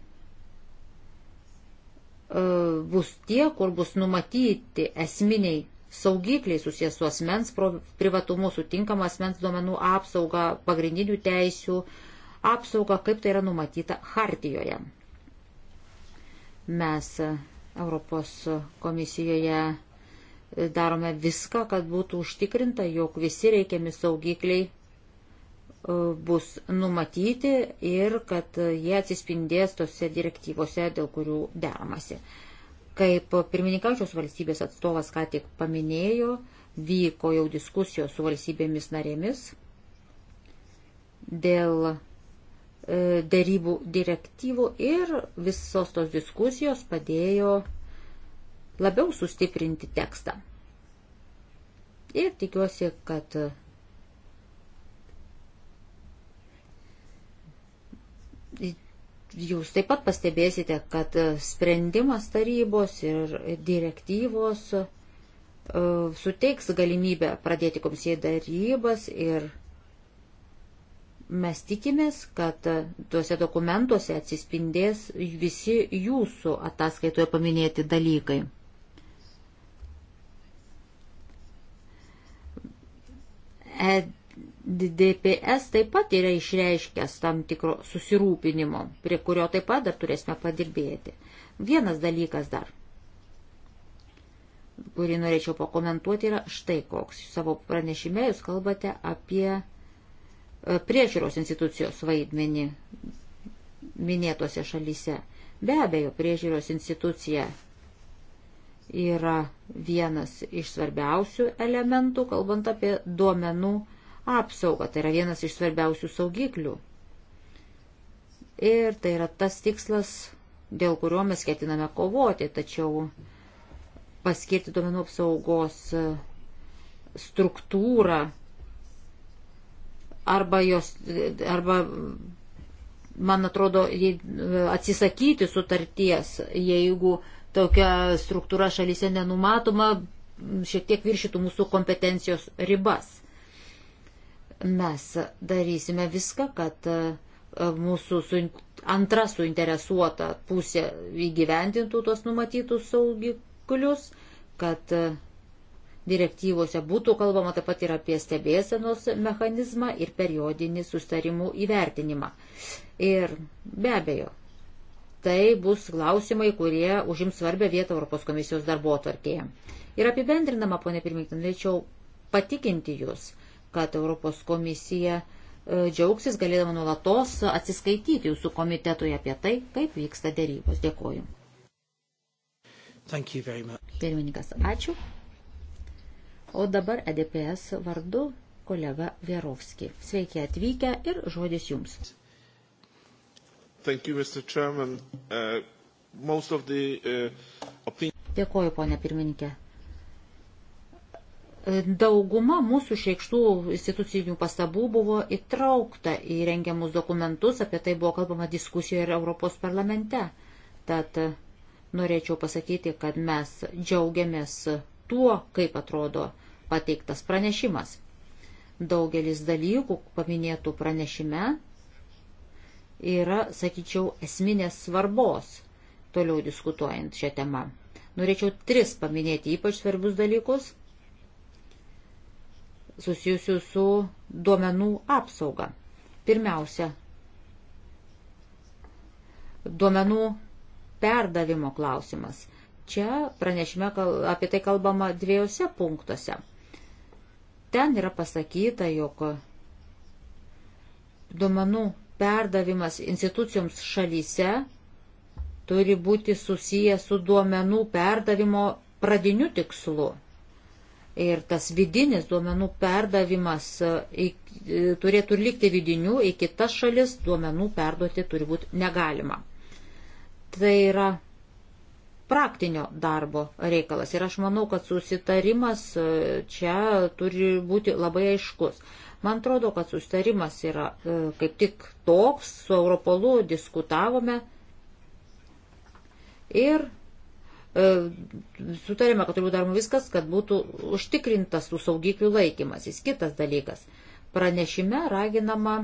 bus tie, kur bus numatyti esminiai saugikliai susijęs su asmens privatumu, sutinkama asmens duomenų apsauga, pagrindinių teisių apsauga, kaip tai yra numatyta Hartijoje. Mes Europos komisijoje darome viską, kad būtų užtikrinta, jog visi reikiami saugikliai e, bus numatyti ir kad jie atsispindės tose direktyvose, dėl kurių deramasi. Kaip pirmininkaučios valstybės atstovas ką tik paminėjo, vyko jau diskusijos su valstybėmis narėmis dėl e, dėrybų direktyvų ir visos tos diskusijos padėjo labiau sustiprinti tekstą. Ir tikiuosi, kad jūs taip pat pastebėsite, kad sprendimas tarybos ir direktyvos e, suteiks galimybę pradėti komisijai darybas ir mes tikimės, kad tuose dokumentuose atsispindės visi jūsų ataskaitoje paminėti dalykai. E DPS taip pat yra išreiškęs tam tikro susirūpinimo, prie kurio taip pat dar turėsime padirbėti. Vienas dalykas dar, kurį norėčiau pakomentuoti, yra štai koks. Jūs savo pranešime jūs kalbate apie e, priežiūros institucijos vaidmenį minėtose šalyse. Be abejo, priežiūros institucija yra vienas iš svarbiausių elementų, kalbant apie duomenų apsaugą. Tai yra vienas iš svarbiausių saugiklių. Ir tai yra tas tikslas, dėl kurio mes ketiname kovoti, tačiau paskirti duomenų apsaugos struktūrą arba jos, arba, man atrodo, atsisakyti sutarties, jeigu tokia struktūra šalyse nenumatoma, šiek tiek viršytų mūsų kompetencijos ribas. Mes darysime viską, kad e, mūsų su, antra suinteresuota pusė įgyvendintų tos numatytus saugiklius, kad e, direktyvose būtų kalbama taip pat ir apie stebėsenos mechanizmą ir periodinį sustarimų įvertinimą. Ir be abejo, tai bus klausimai, kurie užims svarbę vietą Europos komisijos darbo atvarkėje. Ir apibendrinama, ponė pirmininkė, norėčiau patikinti Jūs, kad Europos komisija e, džiaugsis galėdama nuolatos atsiskaityti Jūsų komitetui apie tai, kaip vyksta dėrybos. Dėkoju. Pirmininkas, ačiū. O dabar EDPS vardu kolega Vierovski. Sveiki atvykę ir žodis Jums. Thank you, Mr. Chairman. Uh, most of the uh, opinion... Dėkuoju, ponė pirmininkė. Dauguma mūsų šeikštų institucijų pastabų buvo įtraukta į rengiamus dokumentus, apie tai buvo kalbama diskusijoje ir Europos parlamente. Tad uh, norėčiau pasakyti, kad mes džiaugiamės tuo, kaip atrodo pateiktas pranešimas. Daugelis dalykų paminėtų pranešime yra, sakyčiau, esminės svarbos toliau diskutuojant šią temą. Norėčiau tris paminėti ypač svarbius dalykus susijusių su duomenų apsauga. Pirmiausia, duomenų perdavimo klausimas. Čia pranešime apie tai kalbama dviejose punktuose. Ten yra pasakyta, jog duomenų perdavimas institucijoms šalyse turi būti susijęs su duomenų perdavimo pradiniu tikslu. Ir tas vidinis duomenų perdavimas e, e, turėtų likti vidiniu, į kitas šalis duomenų perduoti turi būti negalima. Tai yra praktinio darbo reikalas. Ir aš manau, kad susitarimas e, čia turi būti labai aiškus. Man atrodo, kad susitarimas yra e, kaip tik toks, su Europolu diskutavome ir e, sutarėme, kad turbūt daroma viskas, kad būtų užtikrintas tų saugiklių laikymasis. Kitas dalykas. Pranešime raginama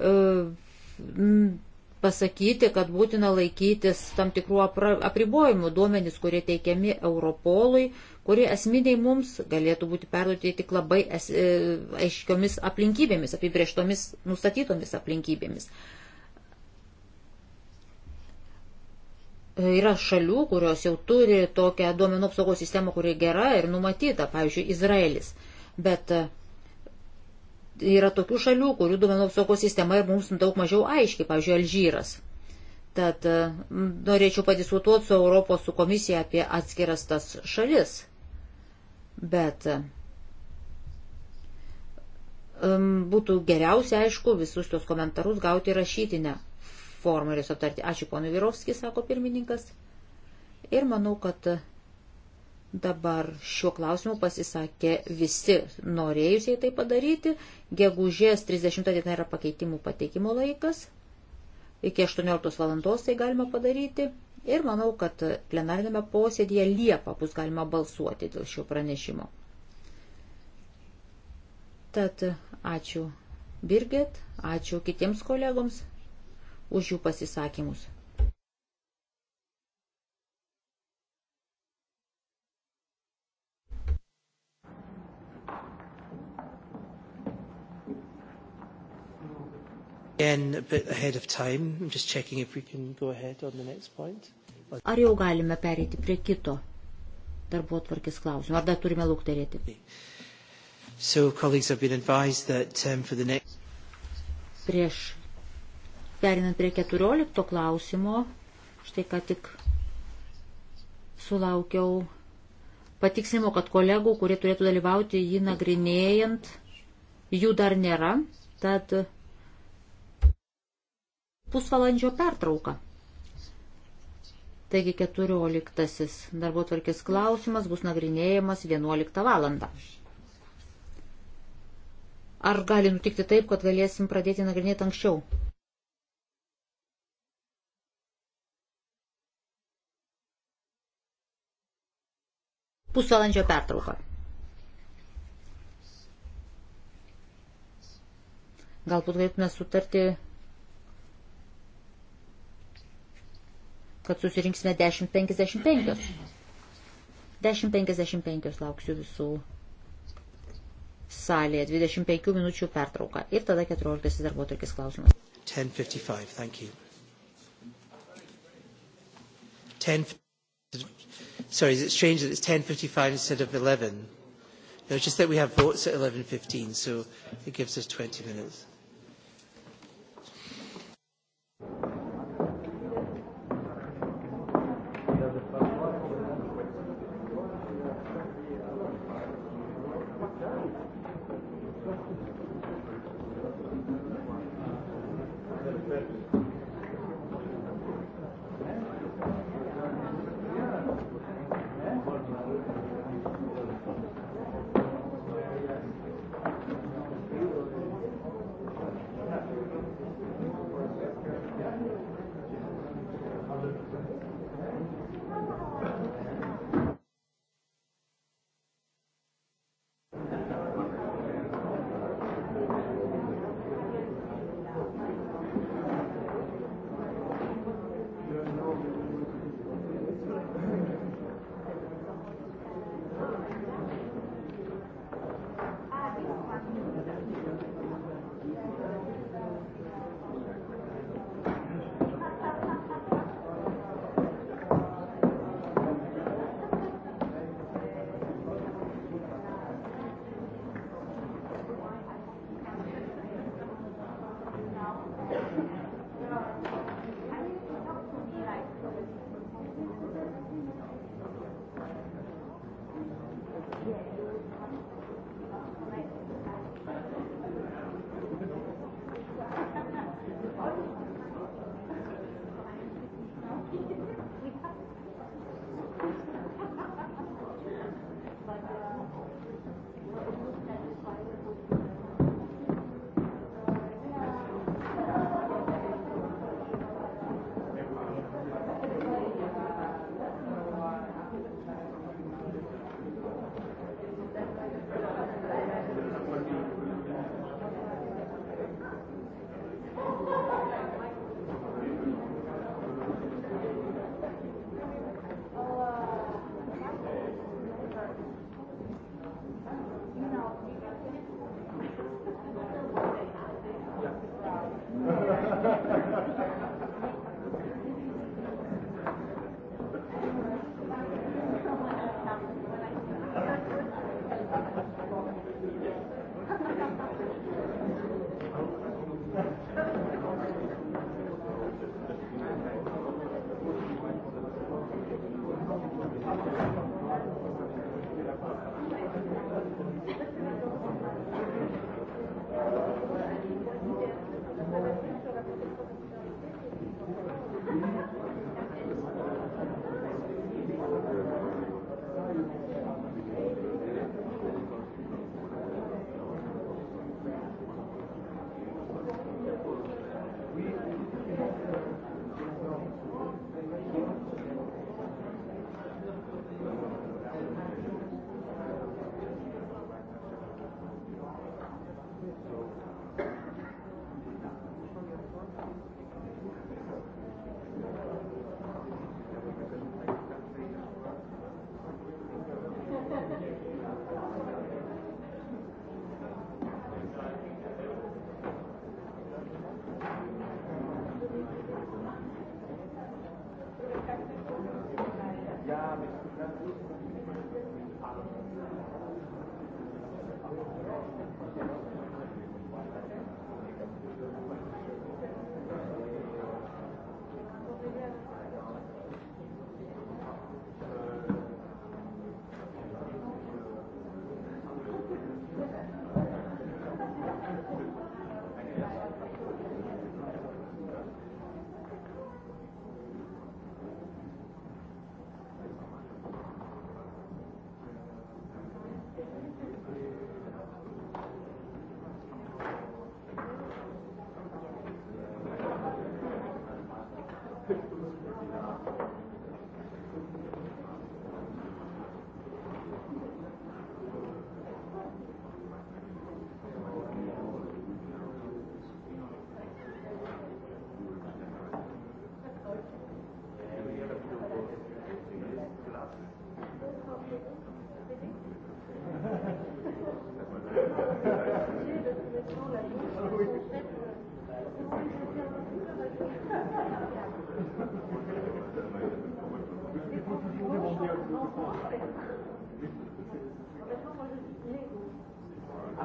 E, pasakyti, kad būtina laikytis tam tikrų apribojimų duomenys, kurie teikiami Europolui, kurie esminiai mums galėtų būti perduoti tik labai es, e, aiškiomis aplinkybėmis, apibrieštomis, nustatytomis aplinkybėmis. Yra šalių, kurios jau turi tokią duomenų apsaugos sistemą, kuri gera ir numatyta, pavyzdžiui, Izraelis. Bet yra tokių šalių, kurių duomenų apsaugos sistema ir mums daug mažiau aiški, pavyzdžiui, Alžyras. Tad e, norėčiau padiskutuoti su Europos su komisija apie atskiras tas šalis. Bet um, būtų geriausia, aišku, visus tos komentarus gauti rašytinę formą ir jas aptarti. Ačiū ponui Virovskis, sako pirmininkas. Ir manau, kad Dabar šiuo klausimu pasisakė visi norėjusiai tai padaryti. Gegužės 30 diena yra pakeitimų pateikimo laikas. Iki 18 valandos tai galima padaryti. Ir manau, kad plenarinėme posėdėje Liepą bus galima balsuoti dėl šio pranešimo. Tad ačiū Birgit, ačiū kitiems kolegoms už jų pasisakymus. Again, a bit ahead of time. I'm just checking if we can go ahead on the next point. Ar jau galime pereiti prie kito darbo atvarkės klausimo? Ar dar turime lukterėti? So, colleagues have been advised that um, for the next... Prieš perinant prie 14 klausimo, štai ką tik sulaukiau patiksimo, kad kolegų, kurie turėtų dalyvauti jį nagrinėjant, jų dar nėra. Tad pusvalandžio pertrauką. Taigi 14. darbo tvarkės klausimas bus nagrinėjamas 11 valandą. Ar gali nutikti taip, kad galėsim pradėti nagrinėti anksčiau? Pusvalandžio pertrauka. Galbūt galėtume sutarti kad susirinksime 10.55. 10.55 lauksiu visų salėje, 25 minučių pertrauka ir tada 14 darbuotojų klausimas. 10.55, thank you. 10, sorry, is it strange that it's 10.55 instead of 11? No, it's just that we have votes at 11.15, so it gives us 20 minutes.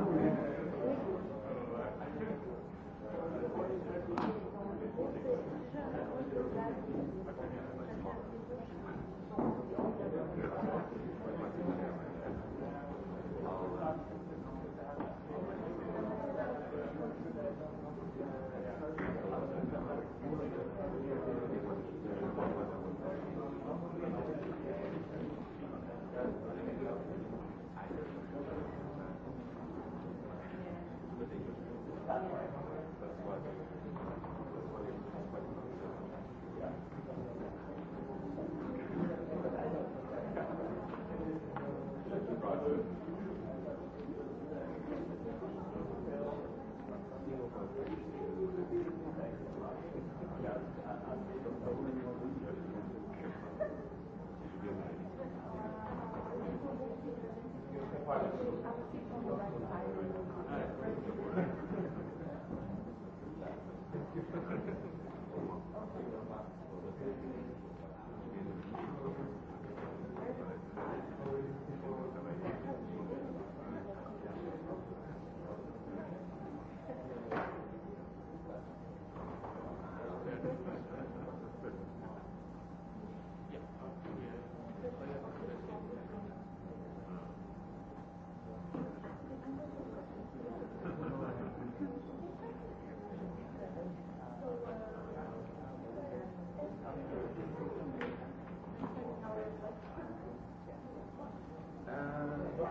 Thank you.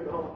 genau.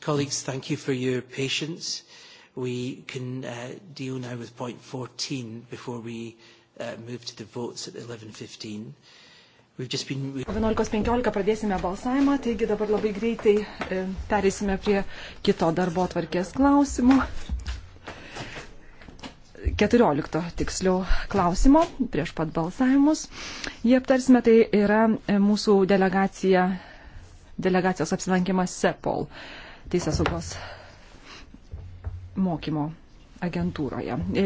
Colleagues, thank you for your patience. We can uh, deal now with point 14 before we uh, move to the votes at 11.15. We've just been... 11.15 pradėsime balsavimą, taigi dabar labai greitai e, perėsime prie kito darbo tvarkės klausimų. 14 tiksliau klausimo prieš pat balsavimus. Jie aptarsime, tai yra e, mūsų delegacija, delegacijos apsilankimas SEPOL. E, teisės saugos mokymo agentūroje. E,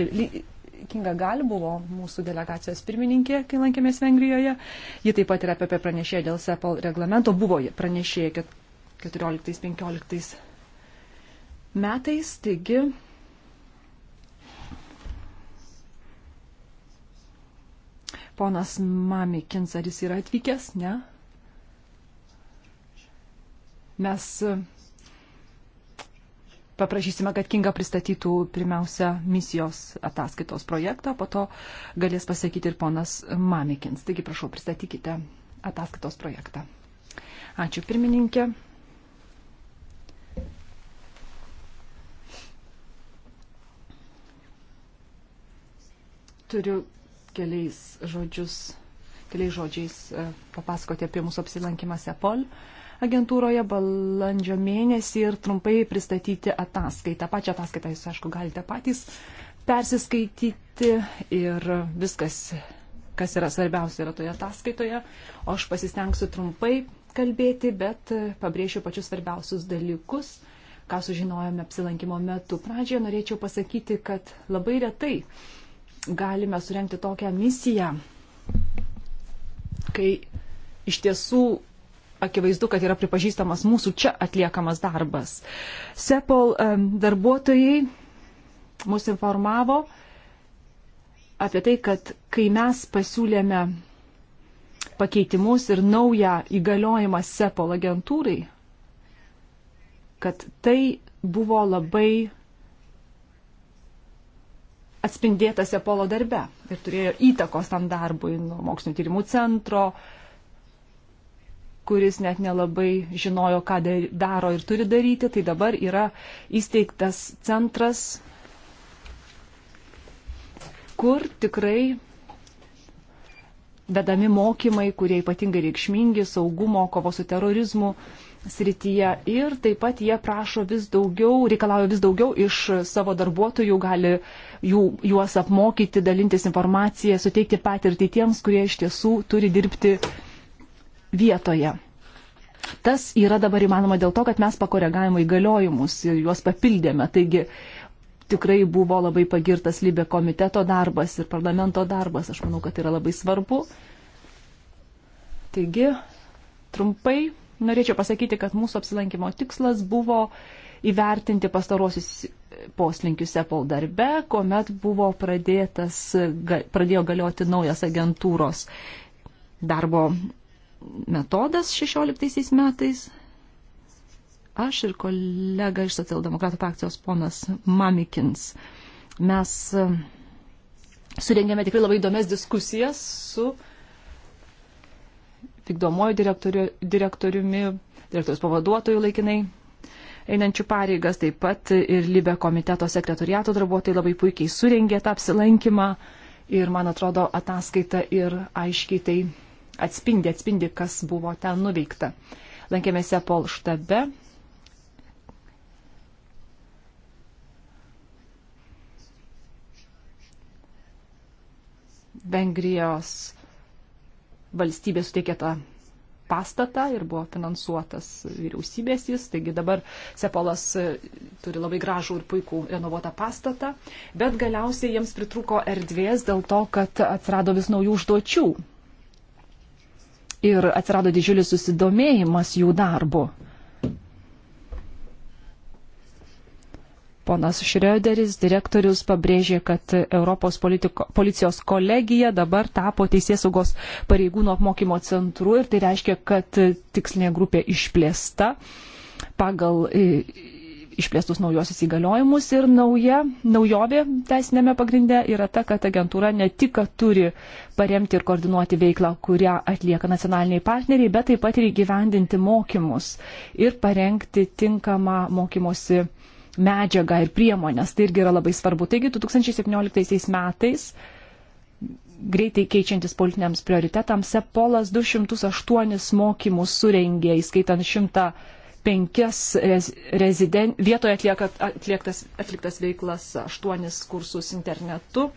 Kinga Gal buvo mūsų delegacijos pirmininkė, kai lankėmės Vengrijoje. Ji taip pat yra apie pranešėją dėl SEPAL reglamento, buvo pranešėja 14-15 metais, taigi ponas Mamikins, ar jis yra atvykęs, ne? Mes paprašysime, kad Kinga pristatytų pirmiausia misijos ataskaitos projektą, po to galės pasakyti ir ponas Mamikins. Taigi prašau, pristatykite ataskaitos projektą. Ačiū pirmininkė. Turiu keliais žodžius, keliais žodžiais e, papasakoti apie mūsų apsilankymą Sepol. Uh, agentūroje balandžio mėnesį ir trumpai pristatyti ataskaitą. Pačią ataskaitą jūs, aišku, galite patys persiskaityti ir viskas, kas yra svarbiausia, yra toje ataskaitoje. O aš pasistengsiu trumpai kalbėti, bet pabrėšiu pačius svarbiausius dalykus, ką sužinojome apsilankimo metu. Pradžioje norėčiau pasakyti, kad labai retai galime surenkti tokią misiją, kai iš tiesų akivaizdu, kad yra pripažįstamas mūsų čia atliekamas darbas. Sepol darbuotojai mus informavo apie tai, kad kai mes pasiūlėme pakeitimus ir naują įgaliojimą Sepol agentūrai, kad tai buvo labai atspindėtas Sepolo darbe ir turėjo įtakos tam darbui nuo mokslinio tyrimų centro, uh, kuris net nelabai žinojo, ką daro ir turi daryti, tai dabar yra įsteigtas centras, kur tikrai vedami mokymai, kurie ypatingai reikšmingi saugumo, kovo su terorizmu srityje ir taip pat jie prašo vis daugiau, reikalauja vis daugiau iš savo darbuotojų, gali jų, juos apmokyti, dalintis informaciją, suteikti patirtį tiems, kurie iš tiesų turi dirbti vietoje. Tas yra dabar įmanoma dėl to, kad mes pakoregavimo įgaliojimus ir juos papildėme. Taigi tikrai buvo labai pagirtas Libė komiteto darbas ir parlamento darbas. Aš manau, kad tai yra labai svarbu. Taigi, trumpai norėčiau pasakyti, kad mūsų apsilankimo tikslas buvo įvertinti pastarosius poslinkius Apple darbe, kuomet buvo pradėtas, pradėjo galioti naujas agentūros darbo metodas 16 metais. Aš ir kolega iš Socialdemokratų frakcijos ponas Mamikins. Mes e, surengėme tikrai labai įdomias diskusijas su vykdomuoju direktoriu, direktoriumi, direktorius pavaduotojų laikinai einančių pareigas, taip pat ir Libe komiteto sekretoriato darbuotojai labai puikiai surengė tą apsilankymą ir, man atrodo, ataskaita ir aiškiai tai atspindi, atspindi, kas buvo ten nuveikta. Lankėmės Apol štabe. Vengrijos valstybė suteikė tą pastatą ir buvo finansuotas vyriausybės jis, taigi dabar Sepolas e, turi labai gražų ir puikų renovuotą pastatą, bet galiausiai jiems pritruko erdvės dėl to, kad atsirado vis naujų užduočių ir atsirado didžiulis susidomėjimas jų darbu. Ponas Šrioderis, direktorius, pabrėžė, kad Europos politiko, policijos kolegija dabar tapo Teisės saugos pareigūnų apmokymo centru ir tai reiškia, kad tikslinė grupė išplėsta pagal e, išplėstus naujosius įgaliojimus ir nauja, naujovė teisinėme pagrindė yra ta, kad agentūra ne tik turi paremti ir koordinuoti veiklą, kurią atlieka nacionaliniai partneriai, bet taip pat ir įgyvendinti mokymus ir parengti tinkamą mokymosi medžiagą ir priemonės. Tai irgi yra labai svarbu. Taigi 2017 metais greitai keičiantis politiniams prioritetams, Sepolas 208 mokymus surengė, įskaitant 100 penkias reziden... vietoje atlieka, atliektas, atliktas veiklas, aštuonis kursus internetu.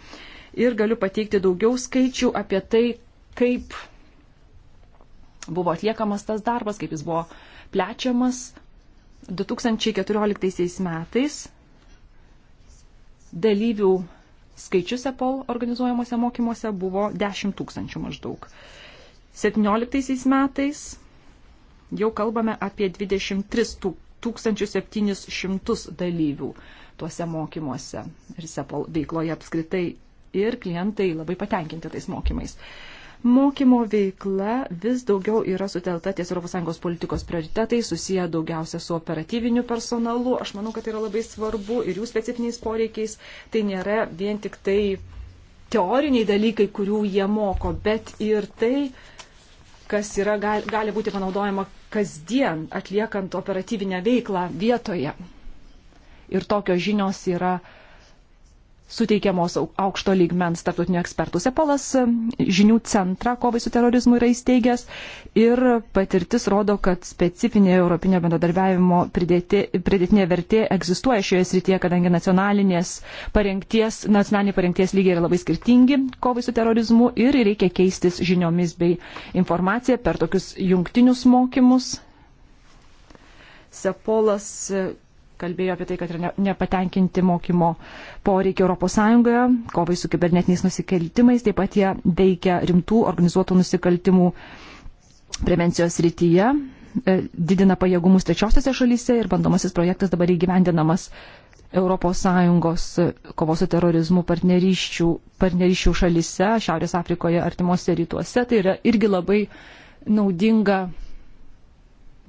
Ir galiu pateikti daugiau skaičių apie tai, kaip buvo atliekamas tas darbas, kaip jis buvo plečiamas. 2014 metais dalyvių skaičius EPOL organizuojamuose mokymuose buvo 10 tūkstančių maždaug. 2017 metais jau kalbame apie 23 700 dalyvių tuose mokymuose ir SEPOL veikloje apskritai ir klientai labai patenkinti tais mokymais. Mokymo veikla vis daugiau yra sutelta ties ES politikos prioritetai, susiję daugiausia su operatyviniu personalu. Aš manau, kad tai yra labai svarbu ir jų specifiniais poreikiais. Tai nėra vien tik tai teoriniai dalykai, kurių jie moko, bet ir tai, kas yra, gali, gali būti panaudojama kasdien atliekant operatyvinę veiklą vietoje. Ir tokios žinios yra suteikiamos aukšto lygmens tarptautinių ekspertų. Sepolas žinių centrą kovai su terorizmu yra įsteigęs ir patirtis rodo, kad specifinė Europinio bendradarbiavimo pridėti, pridėtinė vertė egzistuoja šioje srityje, kadangi nacionalinės parengties, nacionaliniai parengties lygiai yra labai skirtingi kovai su terorizmu ir reikia keistis žiniomis bei informacija per tokius jungtinius mokymus. Sepolas kalbėjo apie tai, kad yra nepatenkinti mokymo poreikiai ES, kovai su kibernetiniais nusikaltimais, taip pat jie veikia rimtų organizuotų nusikaltimų prevencijos rytyje, e, didina pajėgumus trečiosiose šalyse ir bandomasis projektas dabar įgyvendinamas ES kovos su terorizmu partnerysčių, partnerysčių šalyse, Šiaurės Afrikoje, artimuose rytuose. Tai yra irgi labai naudinga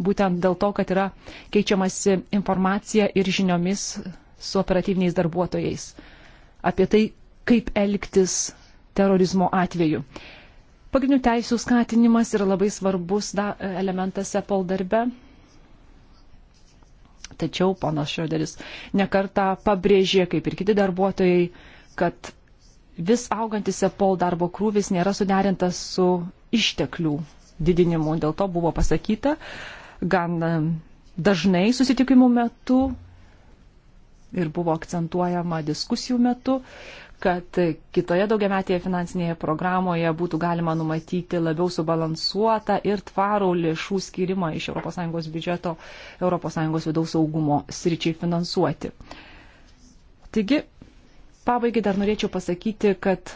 būtent dėl to, kad yra keičiamasi informacija ir žiniomis su operatyviniais darbuotojais apie tai, kaip elgtis terorizmo atveju. Pagrindinių teisų skatinimas yra labai svarbus da, elementas Apple darbe. Tačiau ponas Šioderis nekarta pabrėžė, kaip ir kiti darbuotojai, kad vis augantis Apple darbo krūvis nėra suderintas su išteklių didinimu. Dėl to buvo pasakyta, gan e, dažnai susitikimų metu ir buvo akcentuojama diskusijų metu, kad kitoje daugiametėje finansinėje programoje būtų galima numatyti labiau subalansuotą ir tvarų lėšų skirimą iš ES biudžeto ES vidaus saugumo sričiai finansuoti. Taigi, pabaigai dar norėčiau pasakyti, kad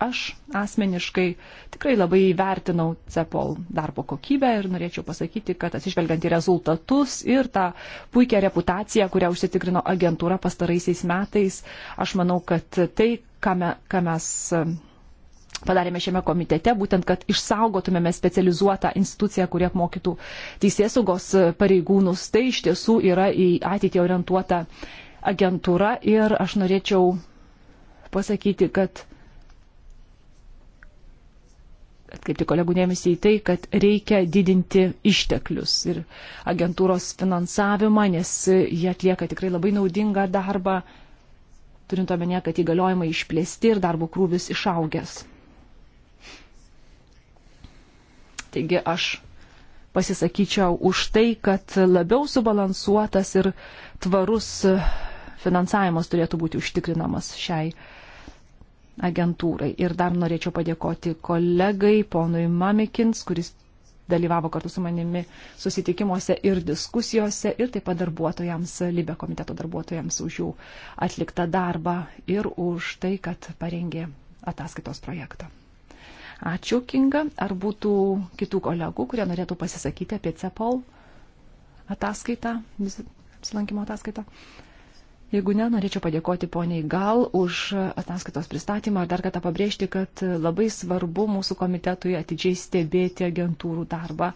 Aš asmeniškai tikrai labai vertinau CEPOL darbo kokybę ir norėčiau pasakyti, kad atsižvelgiant į rezultatus ir tą puikią reputaciją, kurią užsitikrino agentūra pastaraisiais metais, aš manau, kad tai, ką, me, ką mes e, padarėme šiame komitete, būtent, kad išsaugotumėme specializuotą instituciją, kurie apmokytų teisėsaugos pareigūnus. Tai iš tiesų yra į ateitį orientuota agentūra ir aš norėčiau pasakyti, kad atkreipti kolegų dėmesį į tai, kad reikia didinti išteklius ir agentūros finansavimą, nes jie atlieka tikrai labai naudingą darbą, turint omenyje, kad įgaliojimai išplėsti ir darbo krūvis išaugęs. Taigi aš pasisakyčiau už tai, kad labiau subalansuotas ir tvarus finansavimas turėtų būti užtikrinamas šiai agentūrai agentūrai. Ir dar norėčiau padėkoti kolegai, ponui Mamikins, kuris dalyvavo kartu su manimi susitikimuose ir diskusijose, ir taip pat darbuotojams, Libė komiteto darbuotojams už jų atliktą darbą ir už tai, kad parengė ataskaitos projektą. Ačiū, Kinga. Ar būtų kitų kolegų, kurie norėtų pasisakyti apie CEPOL ataskaitą, apsilankimo ataskaitą? Uh, Jeigu ne, norėčiau padėkoti poniai Gal už ataskaitos pristatymą ir dar kartą pabrėžti, kad labai svarbu mūsų komitetui atidžiai stebėti agentūrų darbą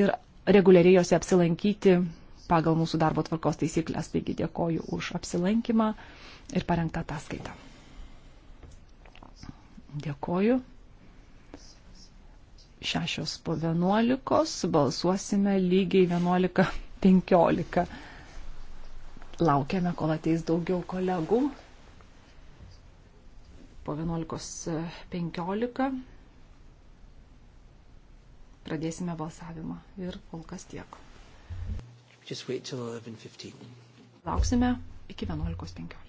ir reguliariai jose apsilankyti pagal mūsų darbo tvarkos taisyklės. Taigi dėkoju už apsilankymą ir parengtą ataskaitą. Dėkoju. Šešios po vienuolikos balsuosime lygiai vienuolika penkiolika. Laukiame, kol ateis daugiau kolegų. Po 11.15 pradėsime balsavimą ir kol kas tiek. Lauksime iki 11.15.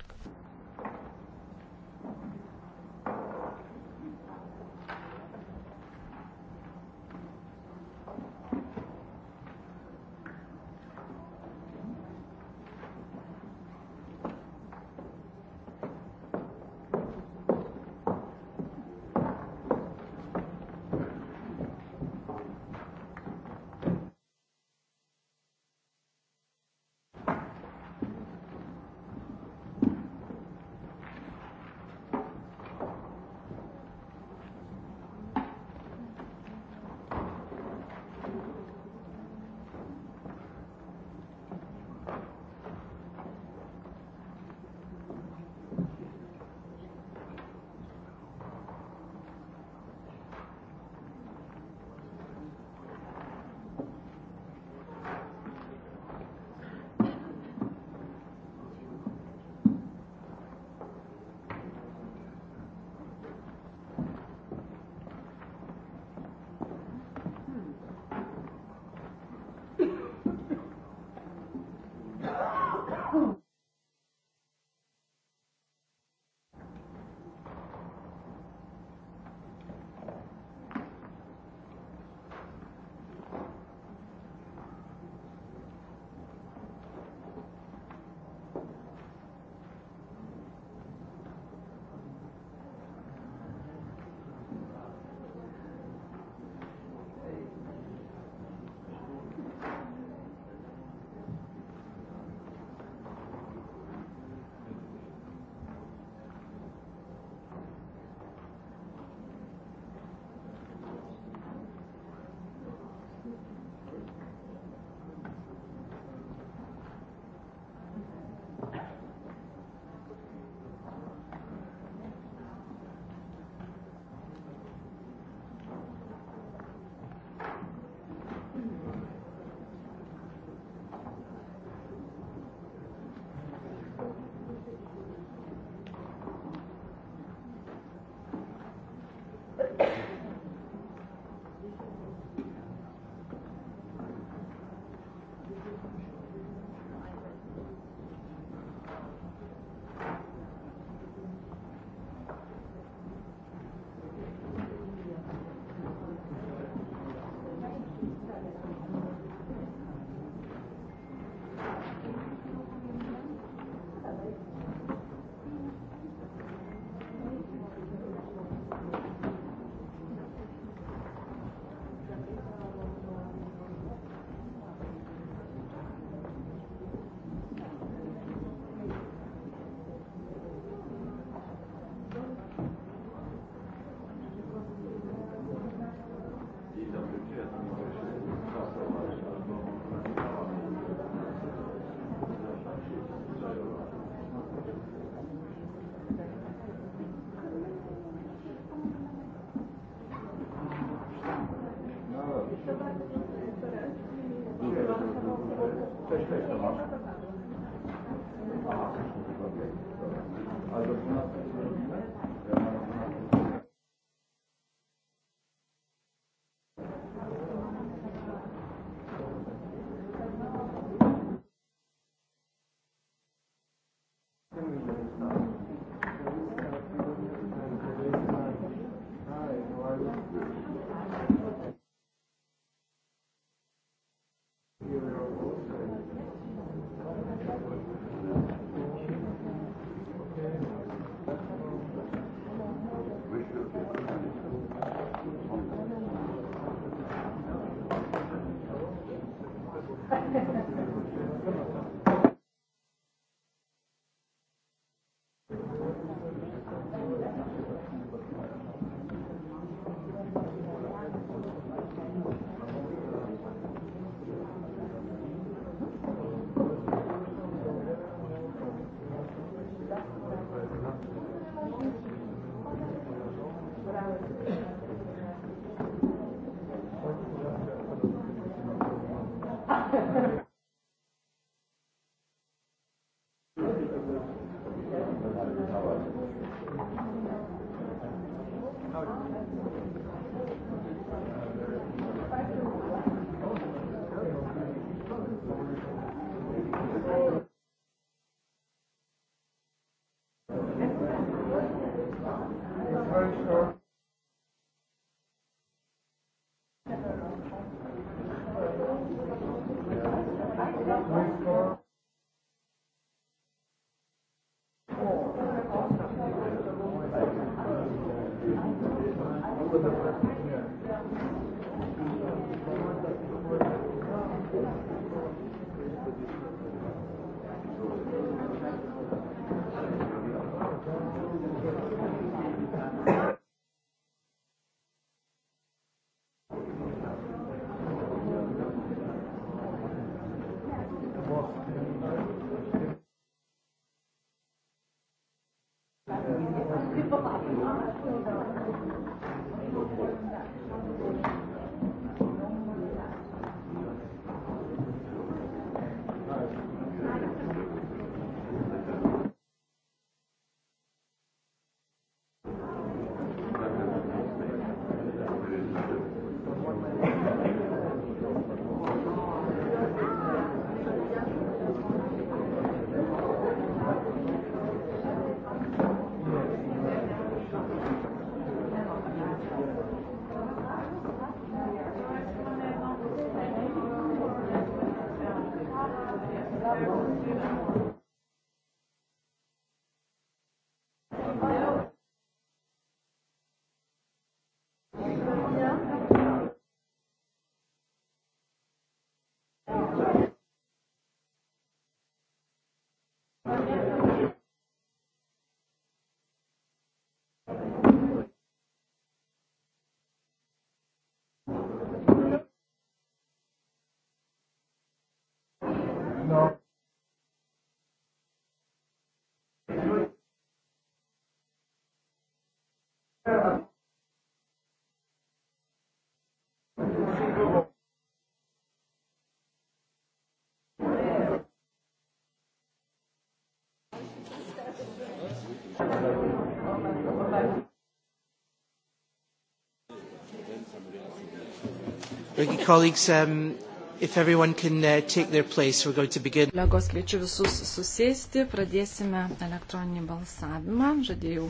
Ricky colleagues, um, If everyone can uh, take their place, we're going to begin. Legos kviečiu visus susėsti, pradėsime elektroninį balsavimą. Žadėjau,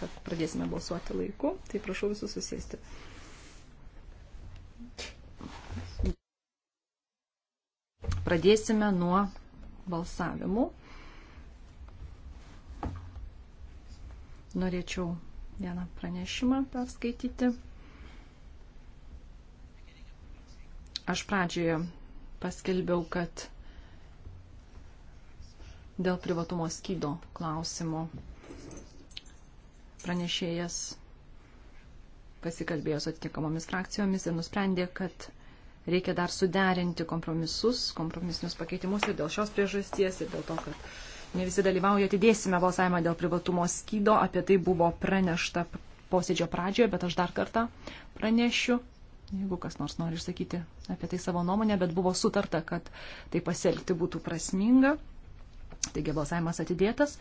kad pradėsime balsuoti laiku, tai prašau visus susėsti. Pradėsime nuo balsavimų. Norėčiau vieną pranešimą perskaityti. Aš pradžioje paskelbiau, kad dėl privatumo skydo klausimo pranešėjas pasikalbėjo su atitinkamomis frakcijomis ir nusprendė, kad reikia dar suderinti kompromisus, kompromisinius pakeitimus ir dėl šios priežasties ir dėl to, kad ne visi dalyvauja, atidėsime balsavimą dėl privatumo skydo, apie tai buvo pranešta posėdžio pradžioje, bet aš dar kartą pranešiu, jeigu kas nors nori išsakyti apie tai savo nuomonę, bet buvo sutarta, kad tai pasielgti būtų prasminga. Taigi balsavimas atidėtas,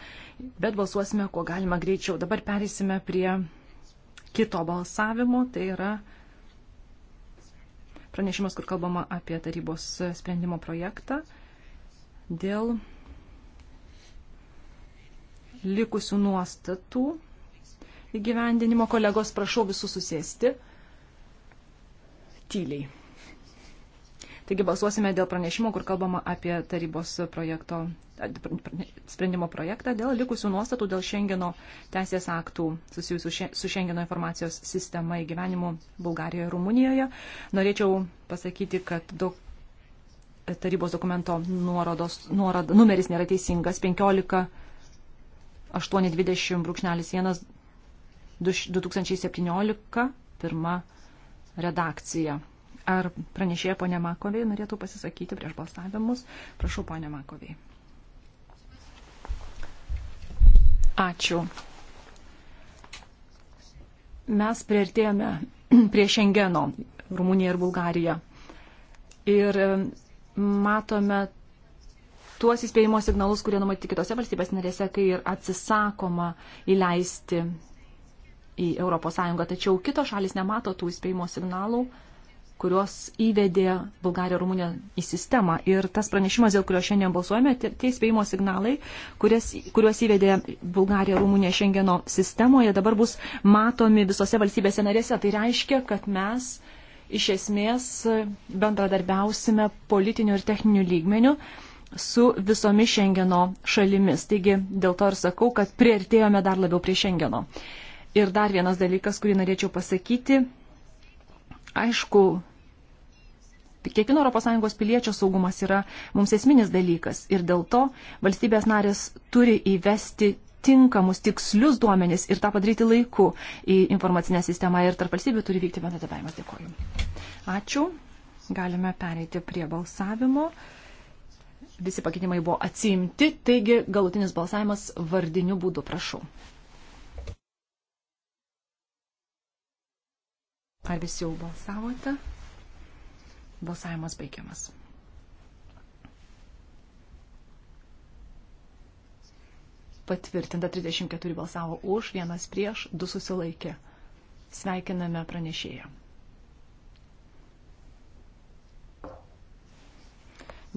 bet balsuosime, kuo galima greičiau. Dabar perėsime prie kito balsavimo, tai yra pranešimas, kur kalbama apie tarybos sprendimo projektą dėl likusių nuostatų įgyvendinimo. Kolegos, prašau visus susėsti tyliai. Taigi balsuosime dėl pranešimo, kur kalbama apie tarybos projekto, sprendimo projektą dėl likusių nuostatų dėl Šengeno teisės aktų susijusių su Šengeno informacijos sistema įgyvenimu Bulgarijoje ir Rumunijoje. Norėčiau pasakyti, kad daug tarybos dokumento nuorodos, nuorod, numeris nėra teisingas 15 820 brūkšnelis 1 2017 pirma redakciją. Ar pranešėja ponė Makoviai norėtų pasisakyti prieš balsavimus? Prašau, ponė Makoviai. Ačiū. Mes prieartėjome prie Šengeno, Rumunija ir Bulgarija. Ir matome tuos įspėjimo signalus, kurie numatyti kitose valstybės narėse, kai ir atsisakoma įleisti į ES, tačiau kitos šalis nemato tų įspėjimo signalų, kurios įvedė Bulgariją ir Rumuniją į sistemą. Ir tas pranešimas, dėl kurio šiandien balsuojame, tie įspėjimo signalai, kurias, kuriuos įvedė Bulgarija ir Rumunija Šengeno sistemoje, dabar bus matomi visose valstybėse narėse. Tai reiškia, kad mes iš esmės bendradarbiausime politiniu ir techniniu lygmeniu su visomis Šengeno šalimis. Taigi dėl to ir sakau, kad prieartėjome dar labiau prie Šengeno. Uh, Ir dar vienas dalykas, kurį norėčiau pasakyti. Aišku, kiekvieno ES piliečio saugumas yra mums esminis dalykas ir dėl to valstybės narės turi įvesti tinkamus, tikslius duomenis ir tą padaryti laiku į informacinę sistemą ir tarp valstybių turi vykti bendradarbiavimas. Dėkoju. Ačiū. Galime pereiti prie balsavimo. Visi pakeitimai buvo atsiimti, taigi galutinis balsavimas vardiniu būdu, prašau. Ar visi jau balsavote? Balsavimas baigiamas. Patvirtinta 34 balsavo už, vienas prieš, du susilaikė. Sveikiname pranešėją.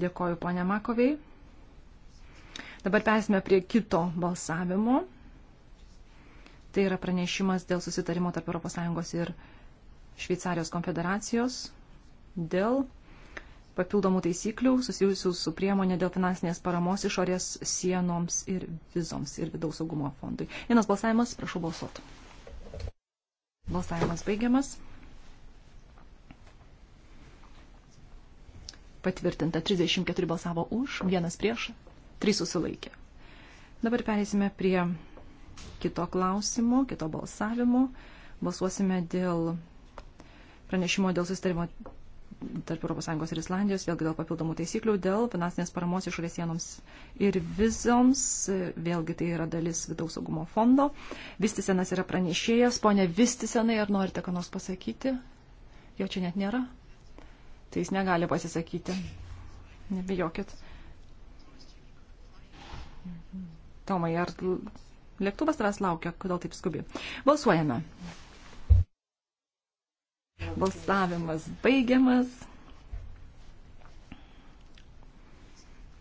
Dėkoju ponia Makoviai. Dabar persime prie kito balsavimo. Tai yra pranešimas dėl susitarimo tarp ES ir Šveicarijos konfederacijos dėl papildomų taisyklių susijusių su priemonė dėl finansinės paramos išorės sienoms ir vizoms ir vidaus saugumo fondui. Vienas balsavimas, prašau balsuot. Balsavimas baigiamas. Patvirtinta 34 balsavo už, vienas prieš, 3 susilaikė. Dabar perėsime prie kito klausimo, kito balsavimo. Balsuosime dėl pranešimo dėl sustarimo tarp ES ir Islandijos, vėlgi dėl papildomų taisyklių, dėl finansinės paramos išorės sienoms ir vizoms, vėlgi tai yra dalis vidaus saugumo fondo. Vistisenas yra pranešėjas, ponė Vistisenai, ar norite ką nors pasakyti? Jo čia net nėra. Tai jis negali pasisakyti. Nebijokit. Tomai, ar lėktuvas tavęs laukia, kodėl taip skubi? Balsuojame. Balsavimas baigiamas.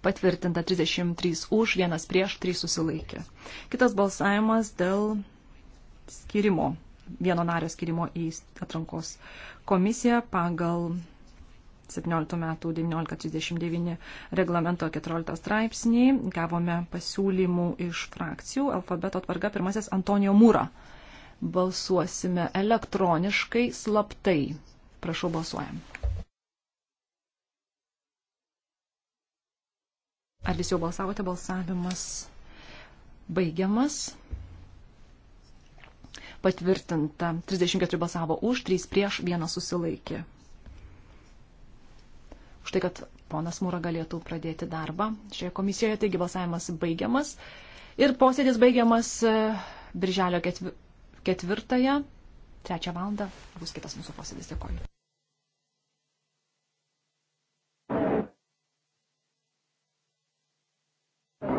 Patvirtinta 33 už, vienas prieš, 3 susilaikė. Kitas balsavimas dėl skirimo, vieno nario skirimo į atrankos komisiją pagal 17 metų 1939 reglamento 14 straipsnį. Gavome pasiūlymų iš frakcijų. Alfabeto tvarga pirmasis Antonijo Mūra balsuosime elektroniškai, slaptai. Prašau, balsuojam. Ar visi jau balsavote? Balsavimas baigiamas. Patvirtinta. 34 balsavo už, 3 prieš, 1 susilaikė. Už tai, kad ponas Mūra galėtų pradėti darbą šioje komisijoje, taigi balsavimas baigiamas. Ir posėdis baigiamas e, birželio ketvirtą ketvirtąją, trečią valandą bus kitas mūsų posėdis. Dėkoju.